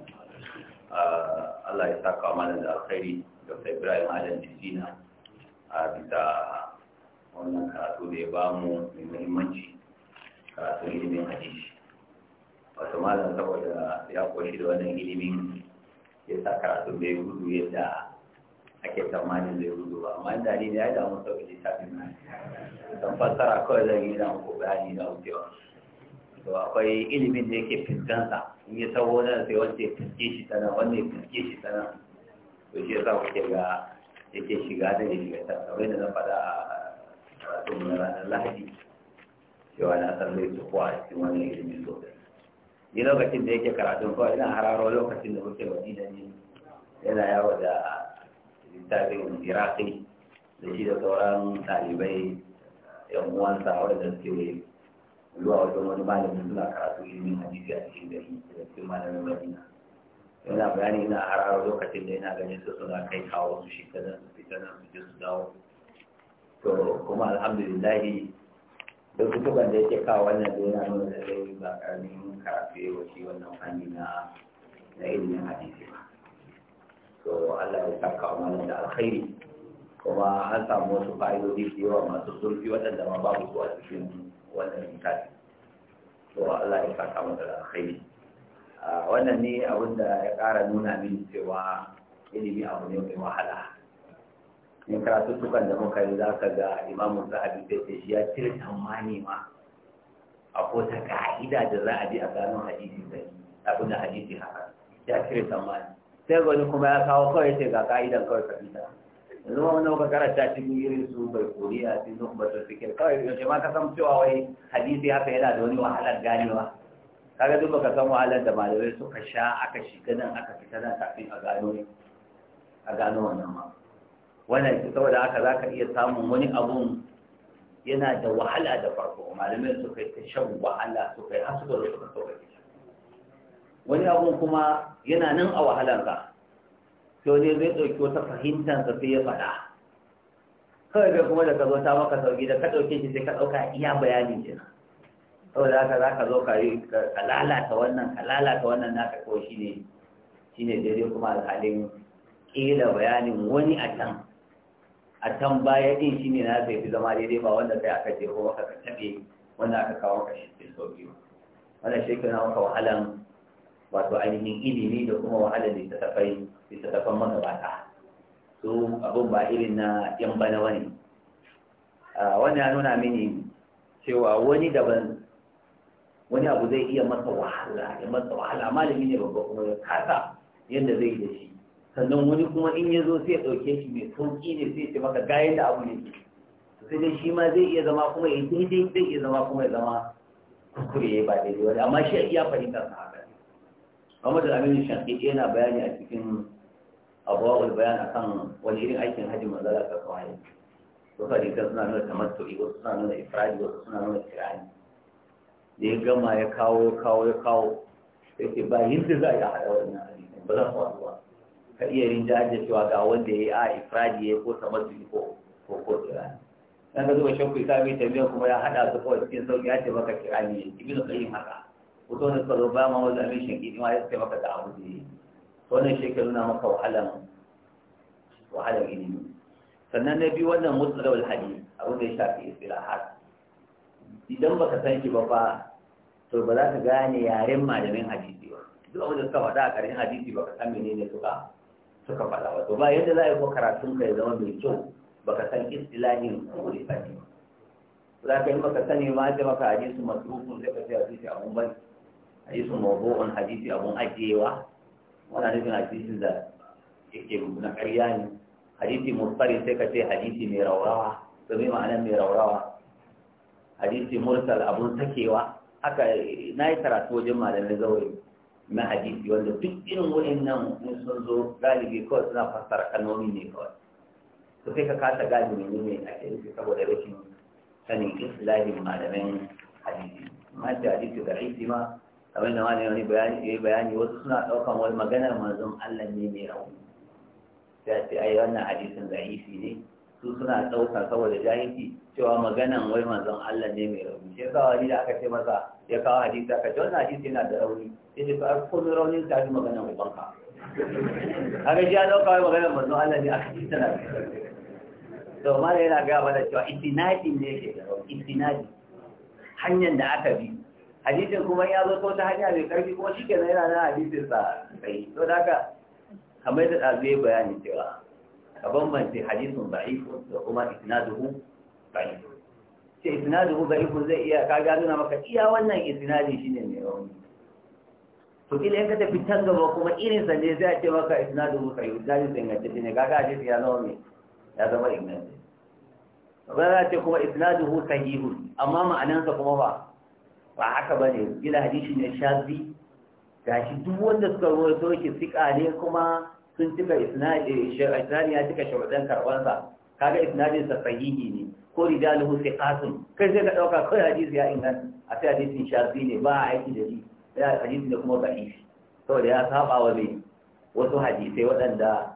Allah ya saka mana da alkhairi Ibrahim Adam Jisina a bisa wannan karatu da ba mu muhimmanci karatu ilimin hadisi wato malam saboda ya koshi da wannan ilimin ya sa karatu bai gudu yadda ake tsammanin zai ba amma da ne ya da mun sauke littafin nan don fassara kawai zan yi dan ko bayani da wucewa to akwai ilimin da yake fiskansa in ya sabo nan sai wace ya fiske shi tana wanda ya fiske shi tana to shi yasa kuke ga yake shiga da ya shiga ta kamar da na faɗa a karatun ranar lahadi cewa na san zai su kuwa a cikin wannan ilimin sosai ni lokacin da yake karatun kawai ina hararo lokacin da muke wani da ni yana yawo da tabi'ul iraqi da shi da sauran talibai yan uwansa wadanda suke zuwa wajen wani malamin suna karatu ilimin hadisi a cikin gari da cikin malamin madina yana bayani ina har lokacin da yana ganin su suna kai kawo su shi, shekaran su fi su je su dawo to kuma alhamdulillah da kutuban da yake kawo wannan da yana nuna da zai ba karamin karatu yawanci wannan fanni na ilimin hadisi ba to Allah ya saka mana da alkhairi kuma an samu wasu fa'idodi da yawa masu zurfi waɗanda ma babu su a cikin wannan littafi to Allah ya saka mana da alkhairi wannan ne abin da ya ƙara nuna min cewa ilimi abu ne mai wahala in karatuttukan da muka yi za ka ga imamun zahabi sai ce shi ya cire tamani ma a ta ka'ida da za a bi a gano hadisi sai abin da hadisi haka ya cire tamani sai gwani kuma ya kawo kawai sai ga ka'idan kawai ka fita yanzu ma wani karanta cikin irin su bai kori a cikin zuwa batun fikir kawai yaushe ma ka san cewa wai hadisi haka yana da wani wahalar ganewa kaga duk baka san wahalar da malamai suka sha aka shiga nan aka fita nan kafin a gano a gano wannan ma wannan ita saboda haka za ka iya samun wani abun yana da wahala da farko malamai suka yi ta shan wahala suka yi har suka zo suka so ka wani abun kuma yana nan a wahalarsa to ne zai ɗauki wata fahimtansa sai ya faɗa kawai bai kuma da ka zo ta maka sauki da ka ɗauke shi sai ka ɗauka iya bayanin shi na saboda haka za ka zo ka yi ka lalata wannan ka lalata wannan naka ko shi ne shi ne daidai kuma alhalin ƙila bayanin wani a can a can baya ɗin shi ne na zai fi zama daidai ba wanda kai aka je ko aka taɓe wanda aka kawo ka shi sau biyu wanda shi ke na maka wahalan wato ainihin ilimi da kuma wahalar littattafai littattafan magabata su abun ba irin na yan bana wani wannan ya nuna mini cewa wani daban wani abu zai iya masa wahala ya masa wahala malami ne babba kuma ya kasa yadda zai da shi sannan wani kuma in ya zo sai ya ɗauke shi mai sauƙi ne sai ce maka ga yadda abu ne sai dai shi ma zai iya zama kuma ya daidai zai iya zama kuma ya zama kuskure ya ba daidai wani amma shi ya fahimtar sa haka kamar da amin Shaqiqi yana bayani a cikin abuwa'ul bayan kan wani irin aikin hajji manzala ta kawai ka hadisan suna nuna tamattu'i wasu suna nuna ifradi wasu suna nuna kirani da ya gama ya kawo kawo ya kawo ya ce ba da za a yi haɗa wannan hajji ba za su faru ba ka iya yin jajja cewa ga wanda ya yi a ifradi ya ko tamattu'i ko ko ko kirani dan ka zuba shakku ka mai tambaya kuma ya haɗa su kawai cikin sauƙi ya ce maka kirani bi da qayyim haka wato ne karo ba ma wanda mai shinki ma ya suke maka da abu da yi wannan shekaru na maka wahalan wahalan ilimi sannan na biyu wannan mutsalar alhadi abin da ya shafi istirahat idan baka san shi ba fa to ba za ka gane yaren malamin hadisi ba duk abin da suka faɗa a ƙarshen ba ka san menene suka suka faɗa ba to ba yadda za a yi ko karatun ka ya zama mai kyau ka san istilahin ko fadi ba za ka yi maka sani ma ta maka hadisi masrufun sai ka ce hadisi abun bai hadisin mawdu'un hadisi abun ajiyewa wannan nufin hadisin da yake na ƙarya ne hadisi murfari sai ka ce hadisi mai raurawa domin ma'anar mai raurawa hadisi mursal abun sakewa haka na yi karatu wajen malamin zaure na hadisi wanda duk irin wa'annan mun sun zo galibi kawai suna fassara nomi ne kawai to sai ka kasa gane mene ne a cikin saboda rashin Sani islamin malamin hadisi amma da hadisi da ma abin da wani wani bayani ya yi bayani wasu suna ɗaukan wani maganar manzon Allah ne mai rauni ta ce ai wannan hadisin zahisi ne su suna ɗauka saboda jahilci cewa maganan wai manzon Allah ne mai rauni sai kawo hadisi aka ce masa ya kawo hadisi aka ce wannan hadisi yana da rauni sai ce ka komai rauni, ta fi maganan ubanka haka shi ya ɗauka wai maganan manzon Allah ne aka ce tana to mana yana gaya mana cewa itinadi ne yake da rauni itinadi hanyar da aka bi hadisin kuma ya zo ta hanya mai karfi kuma shi na yana na hadisin sa sai to da haka kamar da ɗazu ya bayani cewa ka bambance hadisin ba'ifu da kuma isnaduhu ba'ifu ce isnaduhu ba'ifu zai iya ka gano na maka iya wannan shi shine mai rauni to kila yanka ka tafi can gaba kuma irin sa ne zai ce maka isnaduhu kai isnadi sai ga tafi ne kaga hadisi ya zama mai ya zama ingantacce ba za ce kuma isnaduhu sahihun amma ma'anansa kuma ba ba haka ba ne gila hadisi ne ga gashi duk wanda suka so shi fika ne kuma sun cika isnadi ya cika shawadan karbansa kaga isnadin sa sahihi ne ko rijaluhu qasim kai sai ka dauka kai hadisi ya inganta a sai hadisi shafi ne ba aiki da shi ya hadisi ne kuma da'if saboda ya saba wa mai wasu hadisai wadanda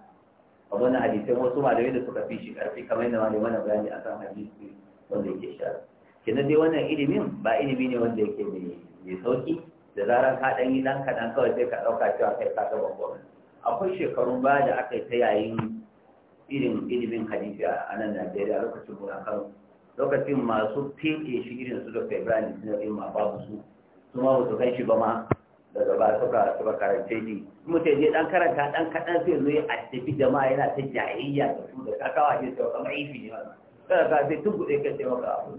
abuna hadisai wasu malamai da suka fi shi karfi kamar yadda malamai na bayani akan hadisi wanda yake shafi kina dai wannan ilimin ba ilimi ne wanda yake mai sauki da zarar ka ɗan yi ɗan kaɗan kawai sai ka ɗauka cewa kai ka gaba gwamnati akwai shekarun baya da aka yi ta yayin irin ilimin hadisi a nan najeriya lokacin muna kano lokacin masu fiye shi irin su da ibrahim suna yin ma babu su su ma wasu kai shi ba ma daga ba suka suka karance shi mutum dai ɗan karanta ɗan kaɗan sai zo a tafi jama'a yana ta jahiliya da su da kakawa ke sai kamar ifi ne wannan kada ka sai tun buɗe kai sai maka abu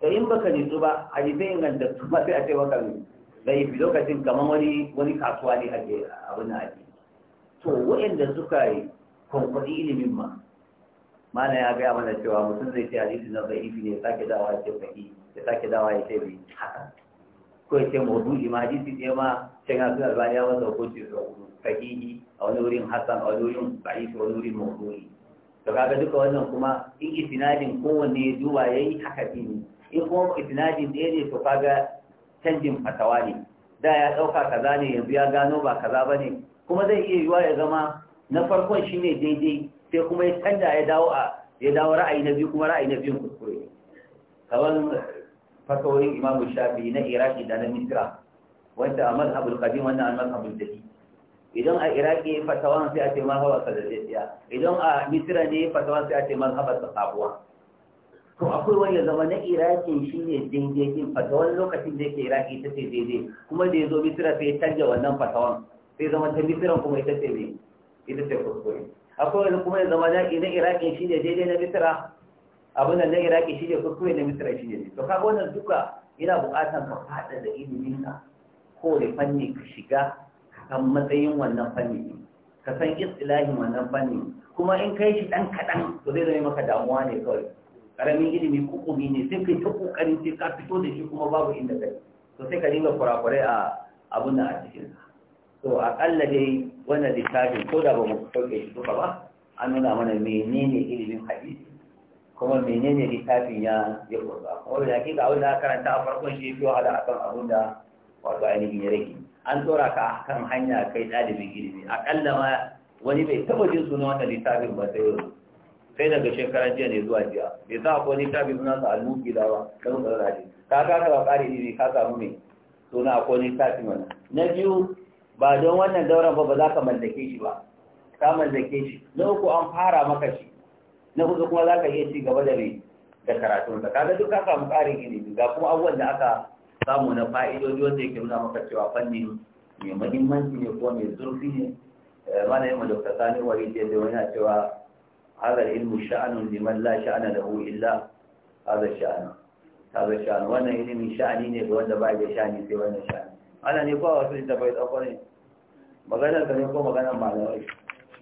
to in baka nitsu ba a yi zai inganta su ba sai a ce maka zai fi lokacin kamar wani wani kasuwa ne ake abin da ake to waɗanda suka yi kwankwaɗi ilimin ma mana ya gaya mana cewa mutum zai ce hadisi na zaifi ne ya sake dawa ya ce fahi ya sake dawa ya ce bai haka ko ya ce maudu'i ma hadisi ne ma ya suna albani ya masa hukunci da fahihi a wani wurin hassan a wani wurin a wani wurin maudu'i to kaga duka wannan kuma in isinadin kowanne ya duba ya yi haka ne in kuma isnadin ɗaya ne to kaga canjin fatawa ne da ya ɗauka kaza ne yanzu ya gano ba kaza ba ne kuma zai iya yiwuwa ya zama na farkon shi ne daidai sai kuma ya canja ya dawo a ya dawo ra'ayi na biyu kuma ra'ayi na biyun kuskure kamar fatawoyin imamu shafi na iraki da na misra wanda a mazhabul qadim wannan an mazhabul dadi idan a iraki fatawan sai a ce mazhabar sadadiyya idan a misra ne fatawan sai a ce mazhabar sahabuwa to akwai wani ya zama na irakin shi ne daidaitin fatawan lokacin da yake iraki ita ce daidai kuma da ya zo misira sai ya canja wannan fatawan sai zama ta misiran kuma ita ce ne ita ce kuskure akwai wani kuma ya zama na irakin shi ne daidai na misira abin da na iraki shi ne kuskure na misira shi ne to kaga wannan duka yana buƙatar ka faɗa da ko kowane fanni ka shiga san matsayin wannan fanni ka san istilahin wannan fanni kuma in kai shi ɗan kaɗan to zai zama maka damuwa ne kawai karamin ilimi kukubi ne sai kai ta kokarin sai ka fito da shi kuma babu inda kai to sai ka dinga kurakurai a abun da a cikin to akalla dai wannan litafin, ko da ba mu sauke shi duka ba an nuna mana menene ilimin hadisi kuma menene littafin ya ya kurba kuma da hakika ga da karanta a farkon shi fi wahala akan abun da wato ainihin ya rage an tsora ka kan hanya kai ɗalibin ilimi akalla ma wani bai taɓa jin sunan wannan littafin ba sai yanzu sai daga shekaran jiya ne zuwa jiya bai sa ko ni tabi suna sa almuki da ba kan da shi ka ka ka kare ni ka samu ne na akwai ni tabi wannan na biyu ba don wannan dauran ba ba za ka mallake shi ba ka mallake shi na uku an fara maka shi na huɗu kuma za ka iya ci gaba da mai da ka kaga duk ka samu kare ilimi ga kuma abubuwan da aka samu na fa'idoji wanda yake nuna maka cewa fannin mai muhimmanci ne ko mai zurfi ne mana yi ma dokta sani wani ce da wani cewa هذا العلم شأن لمن لا شأن له إلا هذا الشأن هذا الشأن وانا علم شأني ne وانا wanda شأني da sha'ani sai wannan sha'ani ana ne بيت wasu مغانا bai مغانا ne ko maganar malamai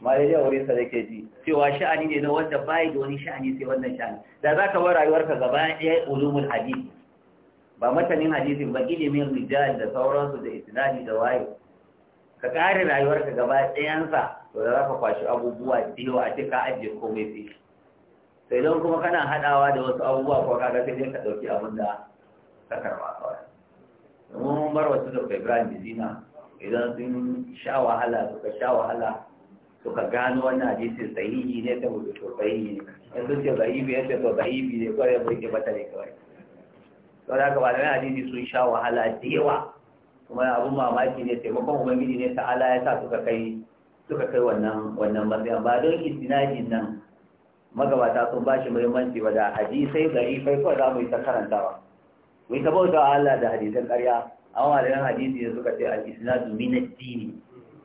malai da wurin sa dake ji cewa sha'ani ne na wanda bai da wani sha'ani sai wannan sha'ani da ka gaba ba matanin hadisi ba ilimin rijal da sauransu da isnadi da wayo ka kare rayuwarka gaba ɗayansa to da za ka kwashi abubuwa da yawa a ce ka ajiye komai sai sai don kuma kana haɗawa da wasu abubuwa ko kaga sai dai ka ɗauki abin da ka karɓa kawai domin mun bar wasu da ibrahim da zina idan sun sha wahala suka sha wahala suka gano wannan sai sahihi ne ta mutu to sahihi ne in sun ce zaibi yadda to zaibi ne ya bai ke bata ne kawai sau da haka ba da hadisi sun sha wahala da yawa kuma abun mamaki ne taimakon ubangiji ne ta'ala ya sa suka kai suka kai wannan wannan ba don istinadi nan magabata sun ba shi muhimmanci ba da hadisai gari kai kawai za mu yi ta karantawa mu yi ta bauta Allah da hadisan ƙarya amma malaman hadisi ne suka ce al-isnadu min ad-dini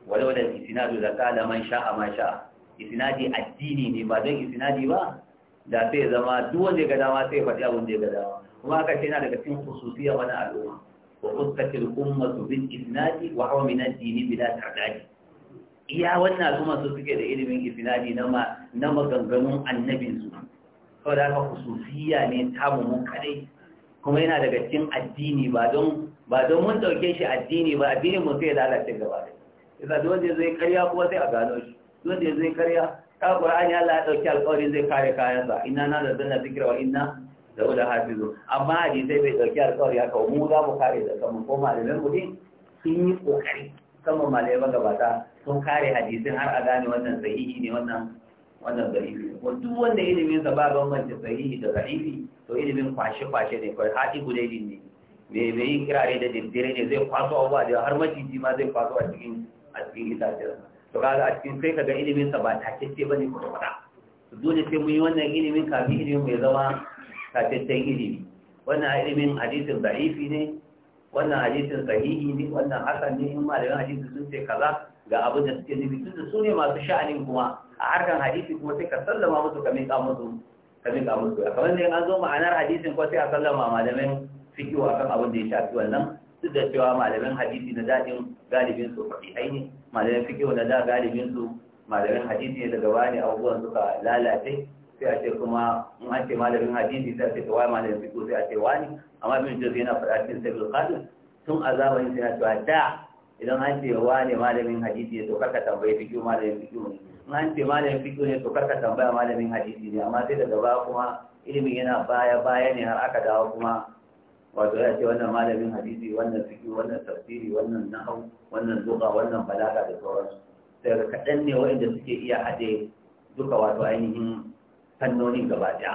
walau da isnadu da kala man sha'a man sha'a isnadi addini ne ba don isnadi ba da sai zama duk wanda ya ga dama sai ya faɗi abin da ya ga dama kuma aka ce yana daga cikin khususiyar wani al'umma وقصت الأمة بالإسناد وهو من الدين بلا تعداد iya wannan al'umma su suke da ilimin ifinadi na ma na maganganun annabin su da haka khususiyya ne ta mu kadai kuma yana daga cikin addini ba don ba don mun dauke shi addini ba addinin mu sai lalace gaba da yasa duk wanda zai karya kuma sai a gano shi duk wanda zai karya ta qur'ani Allah ya dauki alƙawarin zai kare kayansa inna na da zanna zikra wa inna da wala hafizu amma sai bai dauki alƙawari haka mu za mu kare da kanmu ko malamin mu din sun yi kokari musamman malamai magabata sun kare hadisin har a gane wannan sahihi ne wannan wannan da'ifi ko duk wanda ilimin sa ba bambance sahihi da da'ifi to ilimin kwashe kwashe ne ko hadi din ne me me yin kirare da dindire ne zai kwaso abuwa da har maciji ma zai kwaso a cikin a cikin itacen to kaga a cikin sai kaga ilimin sa ba takecce bane ko kwata dole sai mu yi wannan ilimin kafin ilimin mai zama tataccen ilimi wannan ilimin hadisin zahifi ne wannan hadisin sahihi ne wannan hasan ne in malamin hadisi sun ce kaza ga abin da suke nufi tunda su ne masu sha'anin kuma a harkan hadisi kuma sai ka sallama musu ka miƙa musu ka miƙa musu a kamar da an zo ma'anar hadisin ko sai a sallama malamin fikiyo akan abin da ya shafi wannan duk da cewa malamin hadisi na daɗin galibin su fahihai ne malamin fikiwa na da galibin su malamin hadisi ne daga bani abubuwan suka lalace sai a ce kuma in an ce malamin hadisi sai a ce wai malamin fiko sai a ce wani amma bin juz yana faɗa cikin sabil qadir tun azaban sai na cewa da idan an ce wani malamin hadisi ne to karka tambaye fiko malamin fiko ne in an ce malamin fiko ne to karka tambaya malamin hadisi ne amma sai daga baya kuma ilimin yana baya baya ne har aka dawo kuma wato ya ce wannan malamin hadisi wannan fiko wannan tafsiri wannan nahau wannan lugha wannan balaga da sauransu sai kaɗan ne waɗanda suke iya haɗe duka wato ainihin fannoni gaba ɗaya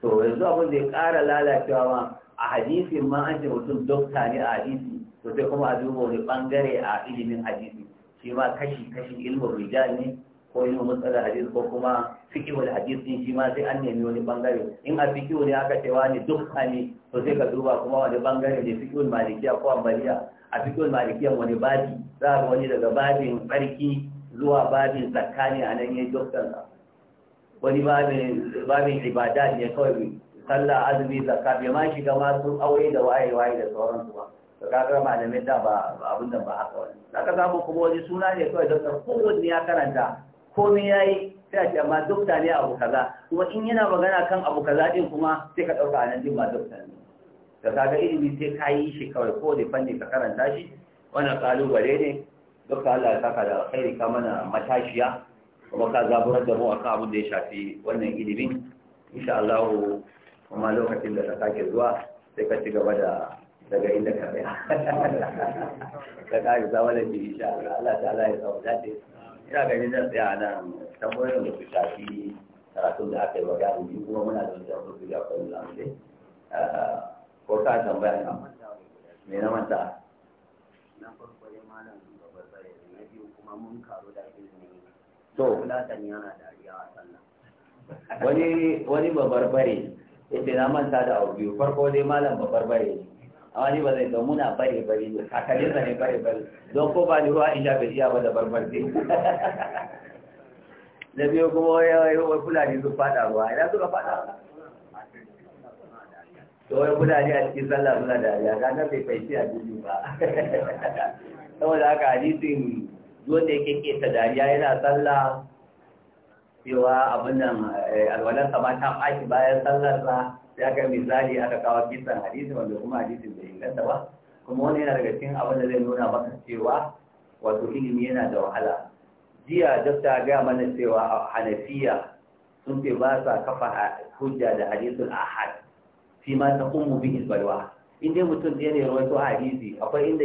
to yanzu abin da ya ƙara lalacewa ma a hadisi ma an ce mutum dokta ne a hadisi to sai kuma a duba wani bangare a ilimin hadisi shi ma kashi kashi ilmin rijal ne ko ilimin matsalar hadisi ko kuma fikihul hadisi shi ma sai an nemi wani bangare in a fiki ne aka cewa ne dokta ne to sai ka duba kuma wani bangare ne fikihul malikiya ko ambaliya a wani malikiya wani babi za ka wani daga babin tsarki zuwa babin tsakani a nan ya yi doktansa wani babin ibada ne kawai sallah azumi zakka bai ma shiga masu aure da waye waye da sauransu ba to kakar malamin da ba abin da ba haka wani Za ka samu kuma wani suna ne kawai doktor wani ya karanta ya yi sai a ce amma dokta ne abu kaza kuma in yana magana kan abu kaza din kuma sai ka a anan din ba dokta ne da kaga ilimi sai ka yi shi kawai ko wani fanni ka karanta shi wannan kalubale ne dokta Allah ya saka da alkhairi ka mana matashiya kuma ka zaburar da mu kan abin da ya shafi wannan ilimin insha Allah kuma lokacin da ta sake zuwa sai ka ci gaba da daga inda ka tsaya ka kare zama da jiri sha Allah ta Allah ya zama da ce ina ganin zan tsaya nan tambayoyin da su shafi karatun da aka yi wa gani biyu kuma muna da wata wasu ya da lamdai ah, ko ka tambaya ka me na manta na farko ya malam gaba tsaye na biyu kuma mun karo da ilimi to wani wani babarbare yace na manta da abu biyu farko dai malam babarbare ne amma ni ba zai ga muna bare bare ne kakalin ne bare bare don ko ba ni ruwa in ja bai ba da barbar dai da biyu kuma wai fulani su fada ruwa ina suka fada to wai fulani a cikin sallah suna dariya kaga bai fahimci a duniya ba saboda haka hadisin wanda kake ta dariya yana sallah cewa abin nan eh, alwalarsa ba ta ɓaci bayan sallarsa ya kai misali aka kawo kisan hadisi wanda kuma hadisin bai inganta ba kuma wani yana daga cikin abin da zai nuna maka cewa wato ilimi yana da wahala jiya ta gaya mana cewa hanafiya sun ce ba sa kafa hujja da hadisul ahad fi ma ta kuma bihi balwa in dai mutum ɗaya ne rawaito a hadisi akwai inda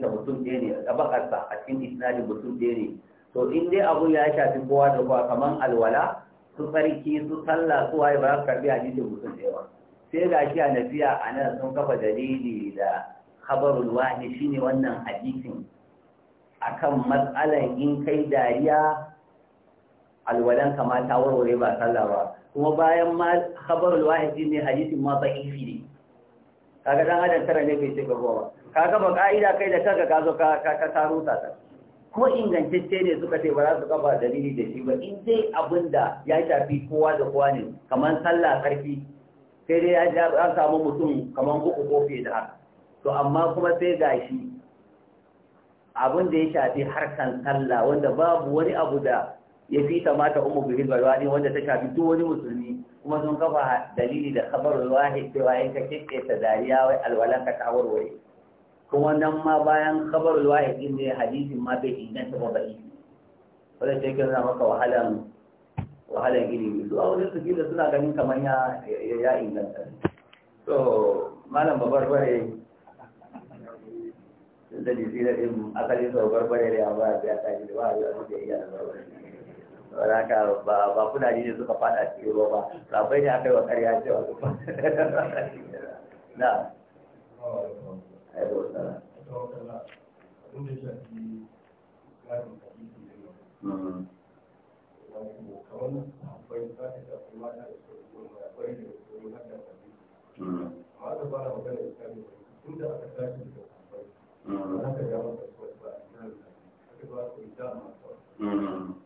da mutum ɗaya ne a bakarsa a cikin isnadin mutum ɗaya ne to in dai abu ya shafi kowa da kowa kamar alwala su sarki, su sallah su waye ba za su karbi hadisi mutum ɗaya ba sai ga shi a nafiya a nan sun kafa dalili da khabarul wahid shine wannan hadisin akan matsalan in kai dariya alwalan kamata warware ba sallah ba kuma bayan ma khabarul wahid ne hadisin ma ifi ne kaga dan adam tara ne bai ce gowa ba kaga ba ka'ida kai da kanka ka zo ka ka taro ta ta ko ingantacce ne suka ce ba za su kafa dalili da shi ba in dai abin da ya shafi kowa da kowa ne kamar sallah karfi sai dai ya samu mutum kamar uku ko fiye da haka to amma kuma sai gashi abin da ya shafi harkan sallah wanda babu wani abu da ya fi ta mata umu bihil balwani wanda ta shafi duk wani musulmi kuma sun kafa dalili da khabarul wahid cewa in ka kike ta dariya wai alwalan ka ta warware kuma nan ma bayan khabarul wahid din ne hadisin ma bai inganta ba bai wala sai kin na maka wahalan wahalan ne to a su gida suna ganin kamar ya ya inganta to malam babar bare dalili da in akalin sau barbare da ya ba ya ta ji da wa ya ta iya da barbare wadanda ba kudaje ne suka fada cikin ruwa ba sabai ne aka yi wa karya cewa su fada na Mm-hmm.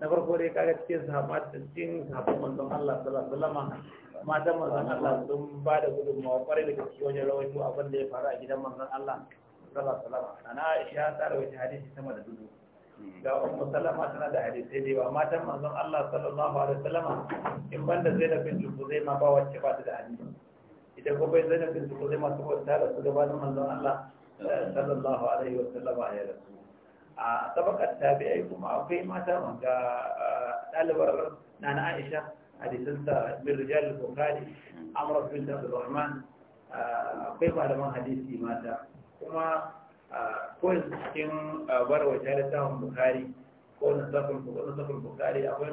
na farko dai kaga cikin cikin zama manzon Allah sallallahu alaihi wasallam mata manzon Allah sun ba da gudunmawa kwarai da gaske wajen rawaito abin da ya faru a gidan manzon Allah sallallahu alaihi wasallam ana Aisha ta wata hadisi sama da dubu ga ummu salama tana da hadisi da yawa matan manzon Allah sallallahu alaihi wasallam in banda da bin zai ma ba wacce ba ta da hadisi idan ko bai zai da bin zai ma ta da su gabanin manzon Allah eh, sallallahu alaihi wasallam ya rasu a tabakar tabi'ai kuma akwai mata ga ɗalibar nana aisha hadisinsa bin rijal bukhari amr bin abdurrahman akwai malaman hadisi mata kuma ko cikin barwa ta bukhari ko nasafin bukhari akwai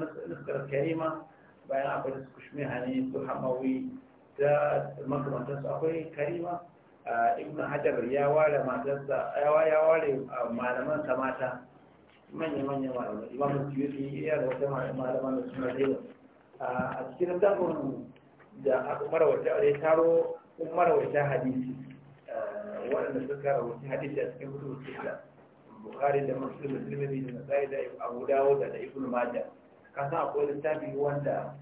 karima bayan akwai su kushmi hani su hamawi da makamantarsu akwai karima ibn hajar ya ware matarsa ya ware malaman sa mata manya-manya malaman imamu yi ya da wata malaman da suna da a cikin zafin da marawata ya taro marawata hadisi waɗanda suka rawaci hadisi a cikin kutu sita bukari da muslim da tirmidhi da nasai da abu dawo da da ibn Ka san akwai littafi wanda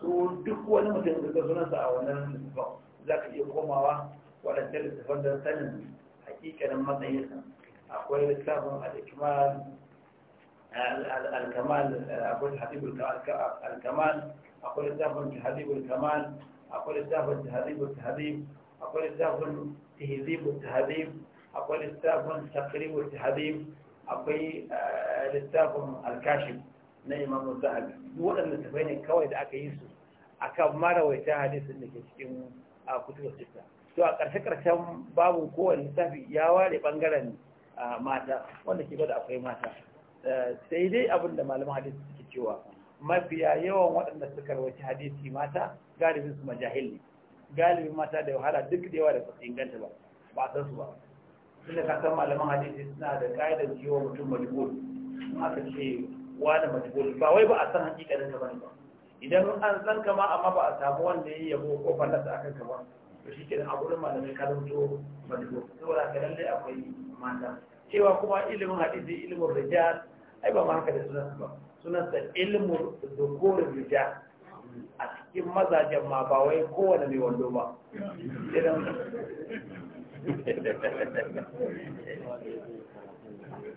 su duk wani mutum da ka sunansa a wannan littafin za ka iya komawa waɗannan littafan don sanin hakikanin matsayinsa akwai أقول al'ikmal الكمال أقول تهذيب الكمال أقول الذهب تهذيب الكمال أقول الذهب تهذيب التهذيب أقول الذهب تهذيب التهذيب أقول الذهب تقريب التهذيب أقول الذهب الكاشف نعم الذهب دول أن تفين كويد أكيسو أكاب ما رويتها حديث النكتشين آه، كتب الستة to a ƙarshe ƙarshen babu kowane littafi ya ware ɓangaren mata wanda ke da akwai mata eh, sai dai abin da malaman hadisi suke cewa mafiya yawan waɗanda suka rawaci hadisi mata galibin su majahil ne galibin mata da wahala duk da yawa da su inganta ba ba san su ba tunda ka san malaman hadisi suna da ƙa'idar jiwa mutum majhul aka ce wani majhul ba wai ba a san hakikanin ka ba idan an san kama amma ba a samu wanda ya yabo ko fallasa akan ka ba to shi kenan a gurin malamai karanto madugo saboda ka lallai akwai mata cewa kuma ilimin hadisi ilimin rijal ai ba ma haka da sunan ba sunan sa ilmu dhukur rijal a cikin mazajen ma ba wai kowane mai wando ba idan Thank you.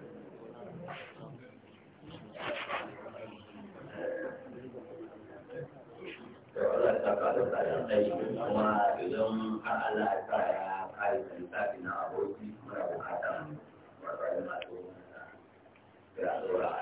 ba da tsarin ɗari kuma idan har Allah ya sa ya kare da lissafi na aboki muna bukatar masu masu da